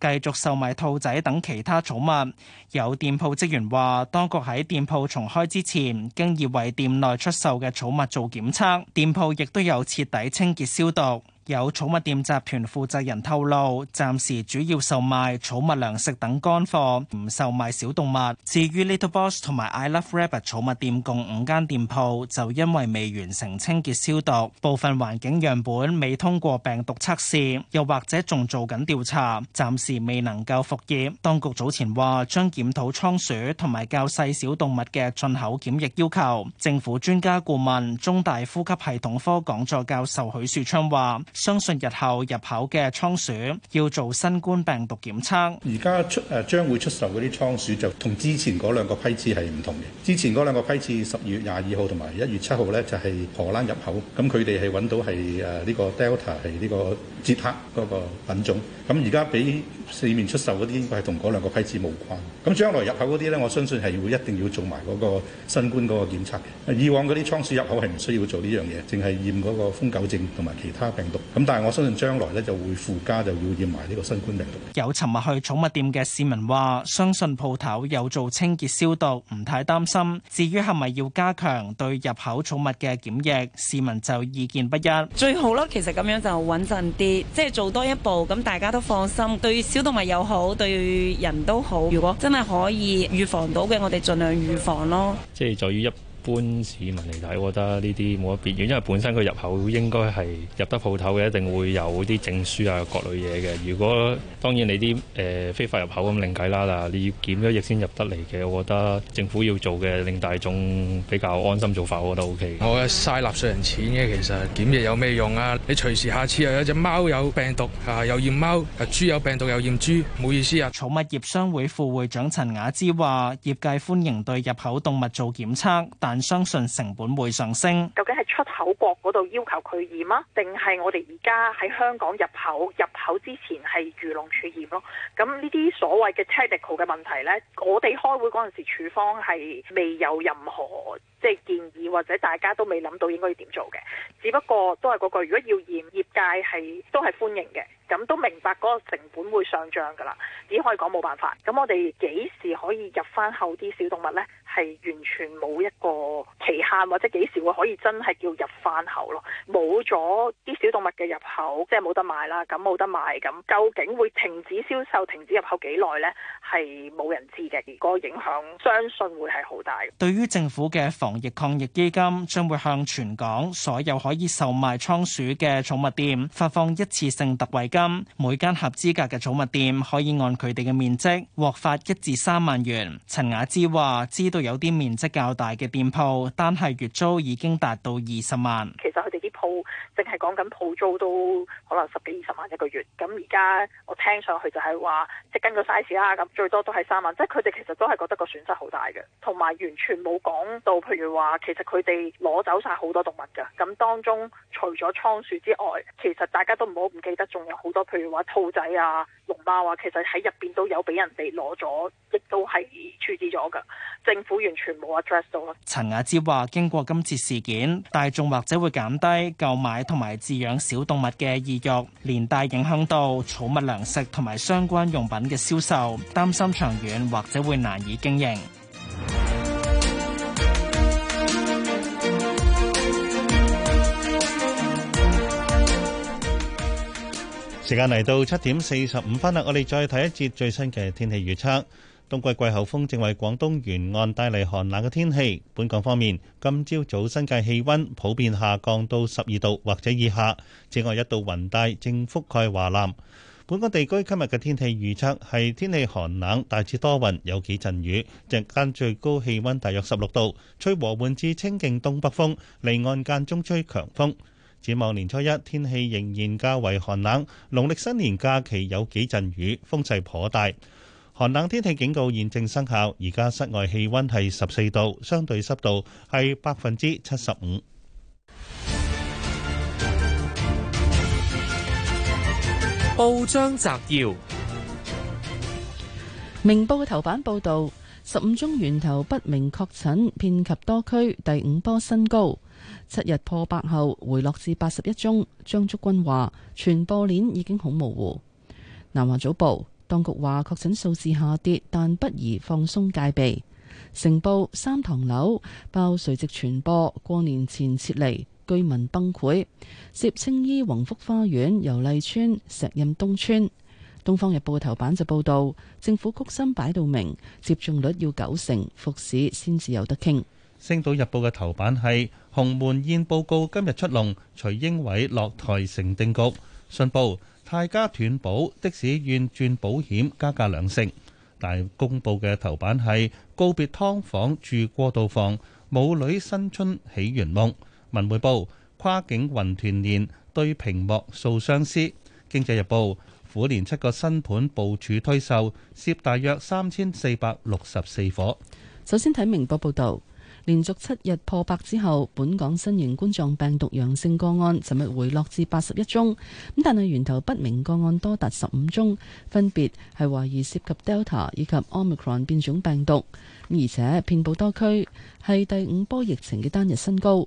S17: 繼續售賣兔仔等其他寵物。有店鋪職員話，當局喺店鋪重開之前，經已為店內出售嘅寵物做檢測，店鋪亦都有徹底清潔消毒。有寵物店集團負責人透露，暫時主要售賣寵物糧食等乾貨，唔售賣小動物。至於 Little Boss 同埋 I Love Rabbit 寵物店共五間店鋪，就因為未完成清潔消毒，部分環境樣本未通過病毒測試，又或者仲做緊調查，暫時未能夠復業。當局早前話將檢討倉鼠同埋較細小動物嘅進口檢疫要求。政府專家顧問、中大呼吸系統科講座教授許樹昌話。相信日後入口嘅倉鼠要做新冠病毒檢測，而
S1: 家出誒將、啊、會出售嗰啲倉鼠就同之前嗰兩個批次係唔同嘅。之前嗰兩個批
S4: 次十二月廿二號同埋一月七號咧就係、是、荷蘭入口，咁佢哋係揾到係誒呢個 Delta 係呢個捷克嗰個品種，咁而家俾市面出售嗰啲應該係同嗰兩個批次無關，咁將來入口嗰啲咧，我相信係會一定要做埋嗰個新冠嗰個檢測嘅，以往嗰啲倉鼠入口係唔需要做呢樣嘢，淨係驗嗰個瘋狗症、同埋其他病毒。咁但係我相信將來呢就會附加就要驗埋呢個新冠病毒。
S17: 有尋日去寵物店嘅市民話：相信鋪頭有做清潔消毒，唔太擔心。至於係咪要加強對入口寵物嘅檢疫，市民就意見不一。最好囉，其
S18: 實咁樣就穩陣啲，即係做多一步，咁大家都放心，對小動物又好，對人都好。如果真係可以預防到嘅，我哋儘量預防咯。
S9: 即係在於
S8: 一。一般市民嚟睇，我覺得呢啲冇乜必要，因為本身佢入口應該係入得鋪頭嘅，一定會有啲證書啊各類嘢嘅。如果當然你啲誒、呃、非法入口咁另計啦嗱，你要檢咗疫先入得嚟嘅。我覺得政府要做嘅令大眾比較安心做法，我覺得 OK。
S7: 我嘥納稅人錢嘅，其實檢疫有咩用啊？你隨時下次又有，有隻貓有病毒有啊，又驗貓；又豬有病毒又驗豬，冇意思啊！
S17: 寵物業商會副會長陳雅芝話：業界歡迎對入口動物做檢測，但相信成本會上升。
S15: 究竟係出口國嗰度要求佢驗啊，定係我哋而家喺香港入口入口之前係漁農處驗咯？咁呢啲所謂嘅 technical 嘅問題呢，我哋開會嗰陣時處方係未有任何即係建議，或者大家都未諗到應該要點做嘅。只不過都係嗰句，如果要驗，業界係都係歡迎嘅。咁都明白嗰個成本會上漲噶啦，只可以講冇辦法。咁我哋幾時可以入返後啲小動物呢？係完全冇一個期限或者幾時會可以真係叫入翻口咯，冇咗啲小動物嘅入口，即係冇得賣啦。咁冇得賣，咁究竟會停止銷售、停止入口幾耐咧？係冇人知嘅。而個影響相信會係好大。
S17: 對於政府嘅防疫抗疫基金，將會向全港所有可以售賣倉鼠嘅寵物店發放一次性特惠金，每間合資格嘅寵物店可以按佢哋嘅面積獲發一至三萬元。陳雅芝話知道。有啲面積較大嘅店鋪，單係月租已經達到二十萬。
S15: 淨係講緊鋪租都可能十幾二十萬一個月，咁而家我聽上去就係話即跟個 size 啦，咁最多都係三萬，即係佢哋其實都係覺得個損失好大嘅，同埋完全冇講到，譬如話其實佢哋攞走晒好多動物㗎，咁當中除咗倉鼠之外，其實大家都唔好唔記得，仲有好多譬如話兔仔啊、龍貓啊，其實喺入邊都有俾人哋攞咗，亦都係處置咗㗎，政府完全冇 address 到啊。
S17: 陳雅芝話：經過今次事件，大眾或者會減低購買同埋飼養小動物嘅意欲，連帶影響到寵物糧食同埋相關用品嘅銷售，擔心長遠或者會難以經營。
S4: 時間嚟到七點四十五分啦，我哋再睇一節最新嘅天氣預測。冬季季候風正為廣東沿岸帶嚟寒冷嘅天氣，本港方面，今朝早新界氣溫普遍下降到十二度或者以下。此外，一道雲帶正覆蓋華南。本港地區今日嘅天氣預測係天氣寒冷，大致多雲，有幾陣雨。日間最高氣溫大約十六度，吹和緩至清勁東北風離岸間中吹強風，展望年初一天氣仍然較為寒冷，農曆新年假期有幾陣雨，風勢頗大。寒冷天氣警告現正生效，而家室外氣溫係十四度，相對濕度係百分之七十五。
S11: 報章摘要，明
S3: 報嘅頭版報導十五宗源頭不明確診，遍及多區，第五波新高，七日破百後回落至八十一宗。張竹君話傳播鏈已經好模糊。南華早報。當局話確診數字下跌，但不宜放鬆戒備。成報，三唐樓爆垂直傳播，過年前撤離居民崩潰，涉青衣宏福花園、油麗村、石蔭東村。《東方日報》嘅頭版就報導，政府決心擺到明，接種率要九成，復市先至有得傾。
S4: 《星島日報》嘅頭版係《洪門宴報告》今日出籠，徐英偉落台成定局。信報泰家斷保，的士願轉保險加價兩成。大公報嘅頭版係告別劏房住過渡房，母女新春起圓夢。文匯報跨境雲團年，對屏幕訴相思。經濟日報虎年七個新盤部署推售，涉大約三千四百六十四伙。
S3: 首先睇明報報道。連續七日破百之後，本港新型冠狀病毒陽性個案，尋日回落至八十一宗。咁，但係源頭不明個案多達十五宗，分別係懷疑涉、涉及 Delta 以及 Omicron 變種病毒，而且遍佈多區，係第五波疫情嘅單日新高。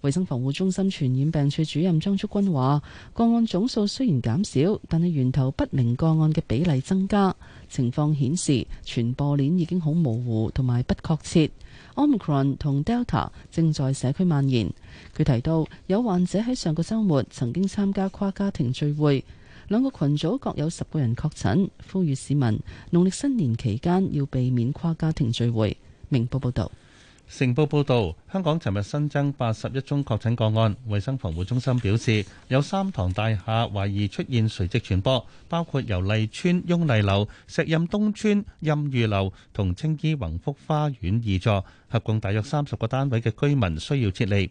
S3: 衛生防護中心傳染病處主任張竹君話，個案總數雖然減少，但係源頭不明個案嘅比例增加，情況顯示傳播鏈已經好模糊同埋不確切。Omicron 同 Delta 正在社區蔓延。佢提到有患者喺上個週末曾經參加跨家庭聚會，兩個群組各有十個人確診。呼籲市民農曆新年期間要避免跨家庭聚會。明報報道。
S4: 成報報導，香港尋日新增八十一宗確診個案。衛生防護中心表示，有三幢大廈懷疑出現垂直傳播，包括油麗邨雍麗樓、石蔭東村蔭裕樓同青衣宏福花園二座，合共大約三十個單位嘅居民需要撤離。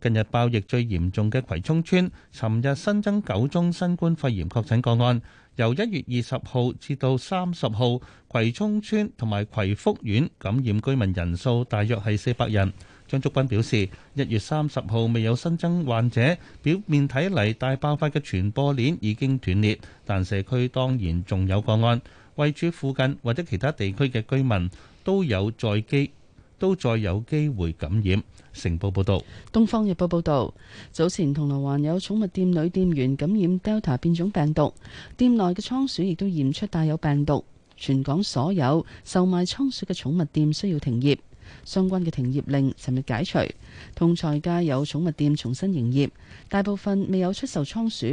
S4: 近日爆疫最嚴重嘅葵涌村，尋日新增九宗新冠肺炎確診個案。1 由一月二十號至到三十號，葵涌村同埋葵福苑感染居民人數大約係四百人。張竹君表示，一月三十號未有新增患者，表面睇嚟大爆發嘅傳播鏈已經斷裂，但社區當然仲有個案，位處附近或者其他地區嘅居民都有再機都再有機會感染。成報報道，
S3: 東方日報報道，早前銅鑼灣有寵物店女店員感染 Delta 變種病毒，店內嘅倉鼠亦都驗出帶有病毒，全港所有售賣倉鼠嘅寵物店需要停業，相關嘅停業令尋日解除，同財街有寵物店重新營業，大部分未有出售倉鼠，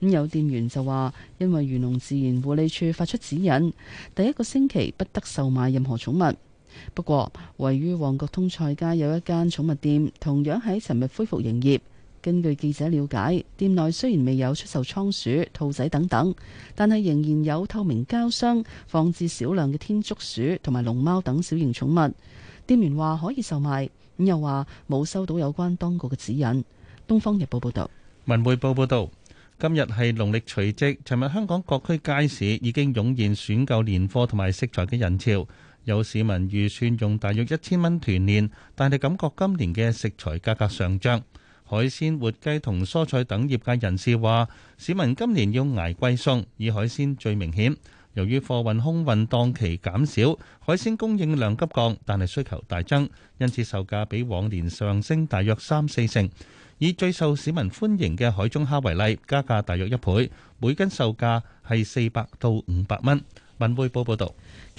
S3: 咁有店員就話，因為漁農自然護理署發出指引，第一個星期不得售賣任何寵物。不過，位於旺角通菜街有一間寵物店，同樣喺尋日恢復營業。根據記者了解，店內雖然未有出售倉鼠、兔仔等等，但係仍然有透明膠箱放置少量嘅天竺鼠同埋龍貓等小型寵物。店員話可以售賣，咁又話冇收到有關當局嘅指引。《東方日報》報道，
S4: 《文匯報》報道，今日係農曆除夕，尋日香港各區街市已經湧現選購年貨同埋食材嘅人潮。有市民預算用大約一千蚊團年，但係感覺今年嘅食材價格上漲。海鮮、活雞同蔬菜等業界人士話，市民今年要捱貴餸，以海鮮最明顯。由於貨運空運檔期減少，海鮮供應量急降，但係需求大增，因此售價比往年上升大約三四成。以最受市民歡迎嘅海中蝦為例，加價大約一倍，每斤售價係四百到五百蚊。文匯報報導。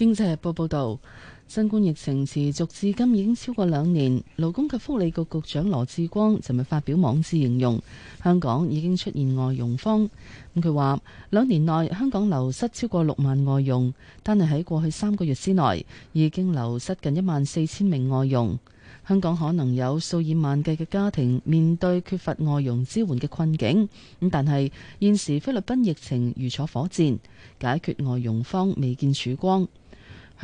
S3: 《經濟日報》報導，新冠疫情持續至今已經超過兩年。勞工及福利局局長羅志光尋日發表網誌，形容香港已經出現外傭荒。佢話，兩年內香港流失超過六萬外傭，但係喺過去三個月之內已經流失近一萬四千名外傭。香港可能有數以萬計嘅家庭面對缺乏外傭支援嘅困境。咁但係現時菲律賓疫情如坐火箭，解決外傭荒未見曙光。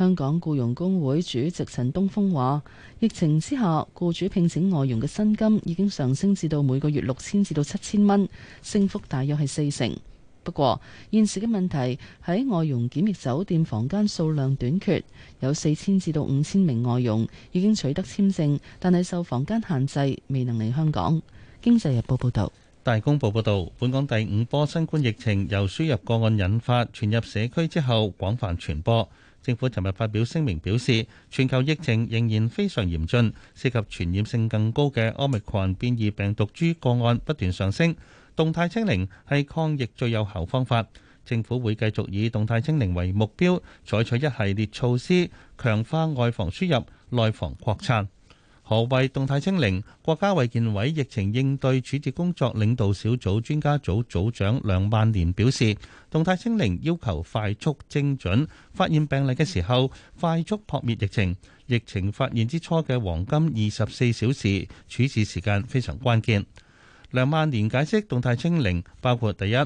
S3: 香港僱傭工會主席陳東峰話，疫情之下，僱主聘請外傭嘅薪金已經上升至到每個月六千至到七千蚊，升幅大約係四成。不過，現時嘅問題喺外傭檢疫酒店房間數量短缺，有四千至到五千名外傭已經取得簽證，但係受房間限制未能嚟香港。經濟日報報道。
S4: 大公報報道，本港第五波新冠疫情由輸入個案引發，傳入社區之後廣泛傳播。政府尋日發表聲明表示，全球疫情仍然非常嚴峻，涉及傳染性更高嘅奧密克戎變異病毒株個案不斷上升，動態清零係抗疫最有效方法。政府會繼續以動態清零為目標，採取一系列措施，強化外防輸入、內防擴散。何謂動態清零？國家衛健委疫情應對處置工作領導小組專家組組長梁萬年表示，動態清零要求快速精準，發現病例嘅時候快速撲滅疫情。疫情發現之初嘅黃金二十四小時處置時間非常關鍵。梁萬年解釋動態清零包括第一，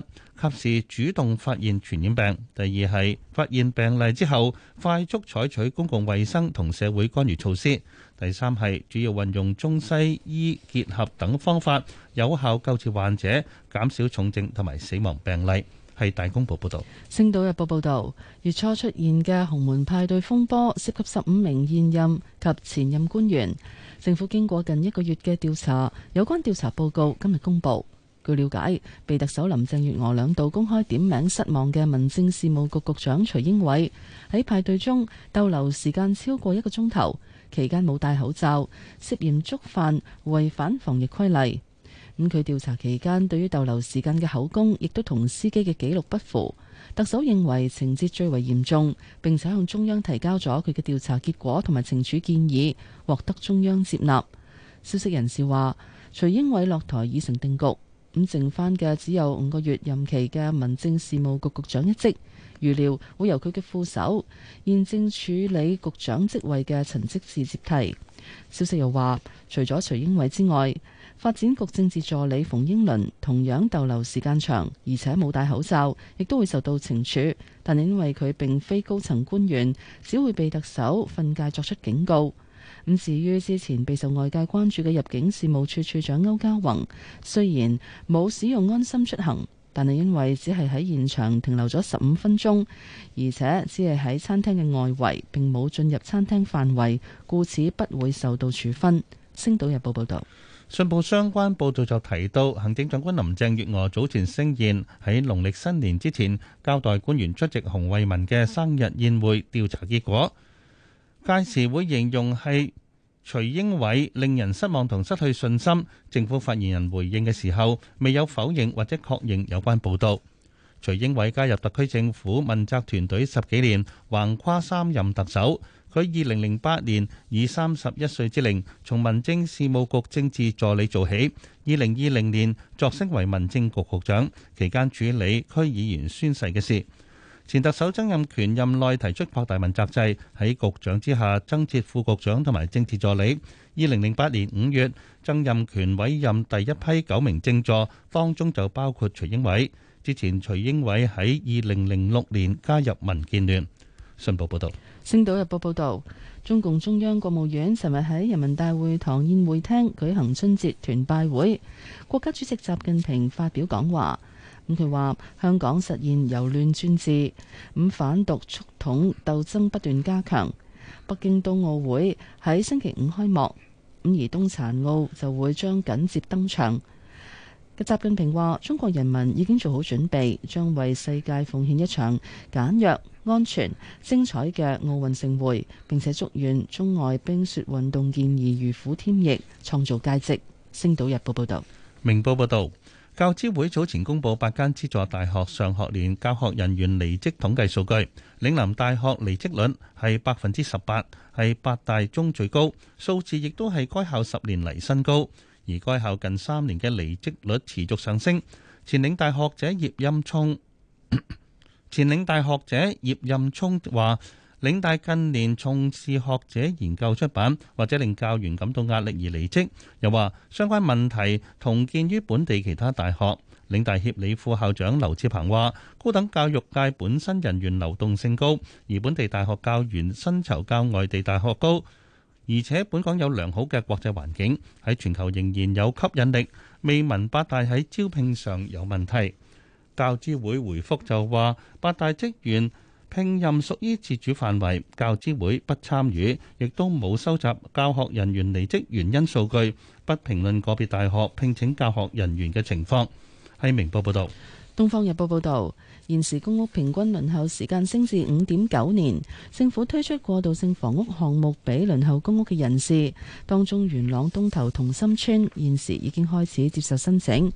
S4: 及時主動發現傳染病；第二係發現病例之後，快速採取公共衛生同社會干預措施；第三係主要運用中西醫結合等方法，有效救治患者，減少重症同埋死亡病例。係《大公報》報道，
S3: 《星島日報》報道，月初出現嘅紅門派對風波，涉及十五名現任及前任官員。政府經過近一個月嘅調查，有關調查報告今日公布。據了解，被特首林鄭月娥兩度公開點名失望嘅民政事務局局長徐英偉，喺派對中逗留時間超過一個鐘頭，期間冇戴口罩，涉嫌觸犯違反防疫規例。咁佢調查期間對於逗留時間嘅口供，亦都同司機嘅記錄不符。特首認為情節最為嚴重，並且向中央提交咗佢嘅調查結果同埋懲處建議，獲得中央接納。消息人士話，徐英偉落台已成定局，咁剩翻嘅只有五個月任期嘅民政事務局局長一職，預料會由佢嘅副手現正處理局長職位嘅陳積志接替。消息又話，除咗徐英偉之外，發展局政治助理馮英倫同樣逗留時間長，而且冇戴口罩，亦都會受到懲處。但係因為佢並非高層官員，只會被特首訓誡作出警告。咁至於之前備受外界關注嘅入境事務處處長歐嘉宏，雖然冇使用安心出行，但係因為只係喺現場停留咗十五分鐘，而且只係喺餐廳嘅外圍，並冇進入餐廳範圍，故此不會受到處分。星島日報報道。
S4: 信報相關報導就提到，行政長官林鄭月娥早前聲言，喺農曆新年之前交代官員出席洪為民嘅生日宴會調查結果，屆時會形容係徐英偉令人失望同失去信心。政府發言人回應嘅時候，未有否認或者確認有關報導。徐英偉加入特區政府問責團隊十幾年，橫跨三任特首。佢二零零八年以三十一歲之齡從民政事務局政治助理做起，二零二零年擢升為民政局局長，期間處理區議員宣誓嘅事。前特首曾蔭權任內提出擴大問責制，喺局長之下增設副局長同埋政治助理。二零零八年五月，曾蔭權委任第一批九名政助，當中就包括徐英偉。之前徐英偉喺二零零六年加入民建聯。信
S17: 報報道。
S3: 《星島日報》報道，中共中央國務院尋日喺人民大會堂宴會廳舉行春節團拜會，國家主席習近平發表講話。咁佢話香港實現由亂轉治，咁反獨促統鬥爭不斷加強。北京冬奧會喺星期五開幕，咁而冬殘奧就會將緊接登場。嘅習近平話：中國人民已經做好準備，將為世界奉獻一場簡約、安全、精彩嘅奧運盛會，並且祝願中外冰雪運動健兒如虎添翼，創造佳績。星島日報報道，
S4: 明報報道，教資會早前公布八間資助大學上學年教學人員離職統計數據，嶺南大學離職率係百分之十八，係八大中最高，數字亦都係該校十年嚟新高。而該校近三年嘅離職率持續上升前。 [COUGHS] 前領大學者葉蔭聰前領大學者葉蔭聰，話領大近年重視學者研究出版，或者令教員感到壓力而離職，又話相關問題同見於本地其他大學。領大協理副校長劉志鵬話高等教育界本身人員流動性高，而本地大學教員薪酬較外地大學高。而且本港有良好嘅國際環境，喺全球仍然有吸引力。未聞八大喺招聘上有問題。教資會回覆就話，八大職員聘任屬於自主範圍，教資會不參與，亦都冇收集教學人員離職原因數據，不評論個別大學聘請教學人員嘅情況。係明報報道，
S3: 東方日報報道。現時公屋平均輪候時間升至五點九年，政府推出過渡性房屋項目俾輪候公屋嘅人士，當中元朗東頭同心村現時已經開始接受申請。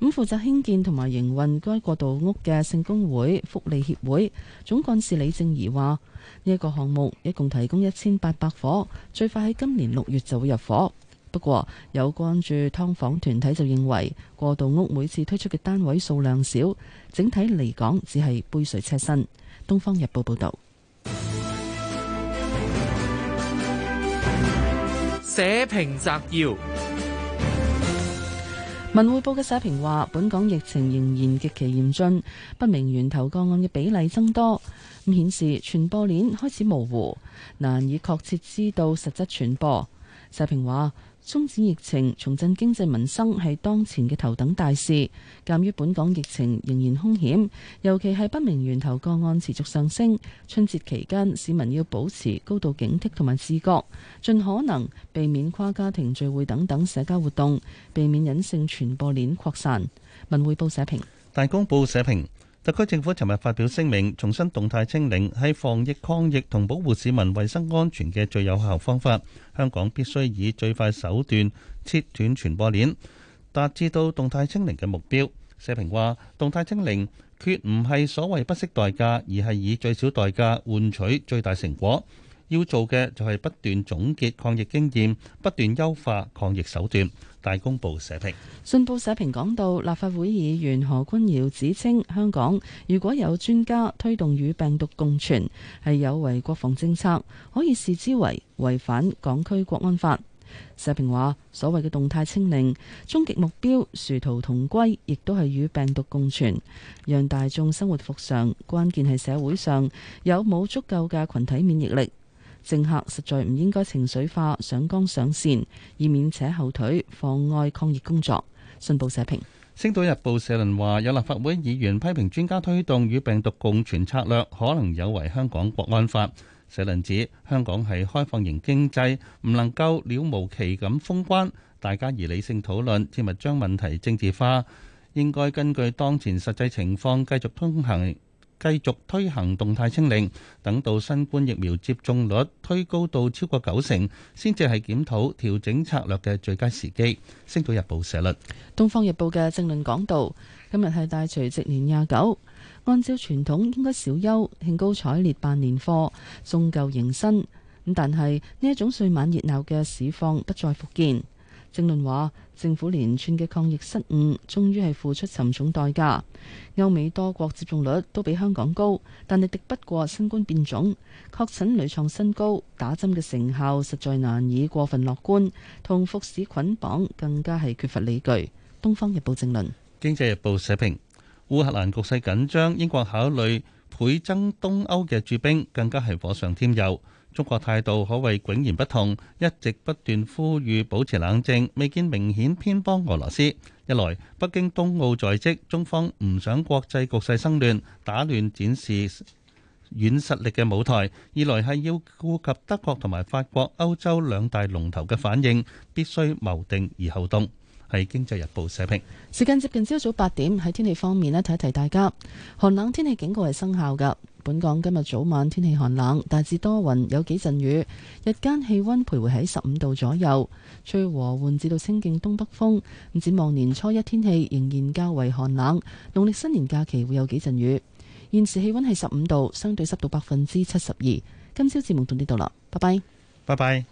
S3: 咁負責興建同埋營運該過渡屋嘅聖公會福利協會總幹事李正儀話：呢、這、一個項目一共提供一千八百伙，最快喺今年六月就會入伙。不過，有關注劏房團體就認為，過渡屋每次推出嘅單位數量少，整體嚟講只係杯水車薪。東方日報報道，
S11: 社評摘要。
S3: 文匯報嘅社評話，本港疫情仍然極其嚴峻，不明源頭個案嘅比例增多，咁顯示傳播鏈開始模糊，難以確切知道實質傳播。社評話。終止疫情、重振經濟民生係當前嘅頭等大事。鑑於本港疫情仍然凶險，尤其係不明源頭個案持續上升，春節期間市民要保持高度警惕同埋自覺，盡可能避免跨家庭聚會等等社交活動，避免隱性傳播鏈擴散。文匯報社評、
S4: 大公報社評。特區政府尋日發表聲明，重申動態清零係防疫抗疫同保護市民衞生安全嘅最有效方法。香港必須以最快手段切斷傳播鏈，達至到動態清零嘅目標。社評話：動態清零決唔係所謂不惜代價，而係以最少代價換取最大成果。要做嘅就係不斷總結抗疫經驗，不斷優化抗疫手段。大公報社評。
S3: 信報社評講到，立法會議員何君堯指稱香港如果有專家推動與病毒共存，係有違國防政策，可以視之為違反港區國安法。社評話所謂嘅動態清零，終極目標殊途同歸亦都係與病毒共存，讓大眾生活復常。關鍵係社會上有冇足夠嘅群體免疫力。政客實在唔應該情緒化上綱上線，以免扯後腿，妨礙抗疫工作。信報社評，
S4: 《星島日報》社論話：有立法會議員批評專家推動與病毒共存策略，可能有違香港《國安法》。社論指香港係開放型經濟，唔能夠了無期咁封關，大家宜理性討論，切勿將問題政治化，應該根據當前實際情況繼續通行。繼續推行動態清零，等到新冠疫苗接種率推高到超過九成，先至係檢討調整策略嘅最佳時機。星島日報社論。
S3: 東方日報嘅政論講道，今日係大除夕年廿九，按照傳統應該小休，興高采烈辦年貨，送舊迎新。咁但係呢一種歲晚熱鬧嘅市況不再復見。政論話。政府連串嘅抗疫失誤，終於係付出沉重代價。歐美多國接種率都比香港高，但係敵不過新冠變種，確診屢創新高，打針嘅成效實在難以過分樂觀，同復市捆綁更加係缺乏理據。《東方日報正論》正
S4: 論，《經濟日報社評》社評：烏克蘭局勢緊張，英國考慮倍增東歐嘅駐兵，更加係火上添油。中國態度可謂迥然不同，一直不斷呼籲保持冷靜，未見明顯偏幫俄羅斯。一來北京冬奧在即，中方唔想國際局勢生亂，打亂展示軟實力嘅舞台；二來係要顧及德國同埋法國歐洲兩大龍頭嘅反應，必須謀定而後動。係《經濟日報》社評。
S3: 時間接近朝早八點，喺天氣方面咧，提一提大家，寒冷天氣警告係生效嘅。本港今日早晚天氣寒冷，大致多雲，有幾陣雨。日間氣温徘徊喺十五度左右，吹和緩至到清勁東北風。展望年初一天氣仍然較為寒冷，農曆新年假期會有幾陣雨。現時氣温係十五度，相對濕度百分之七十二。
S16: 今朝節目到呢度啦，拜拜。
S4: 拜拜。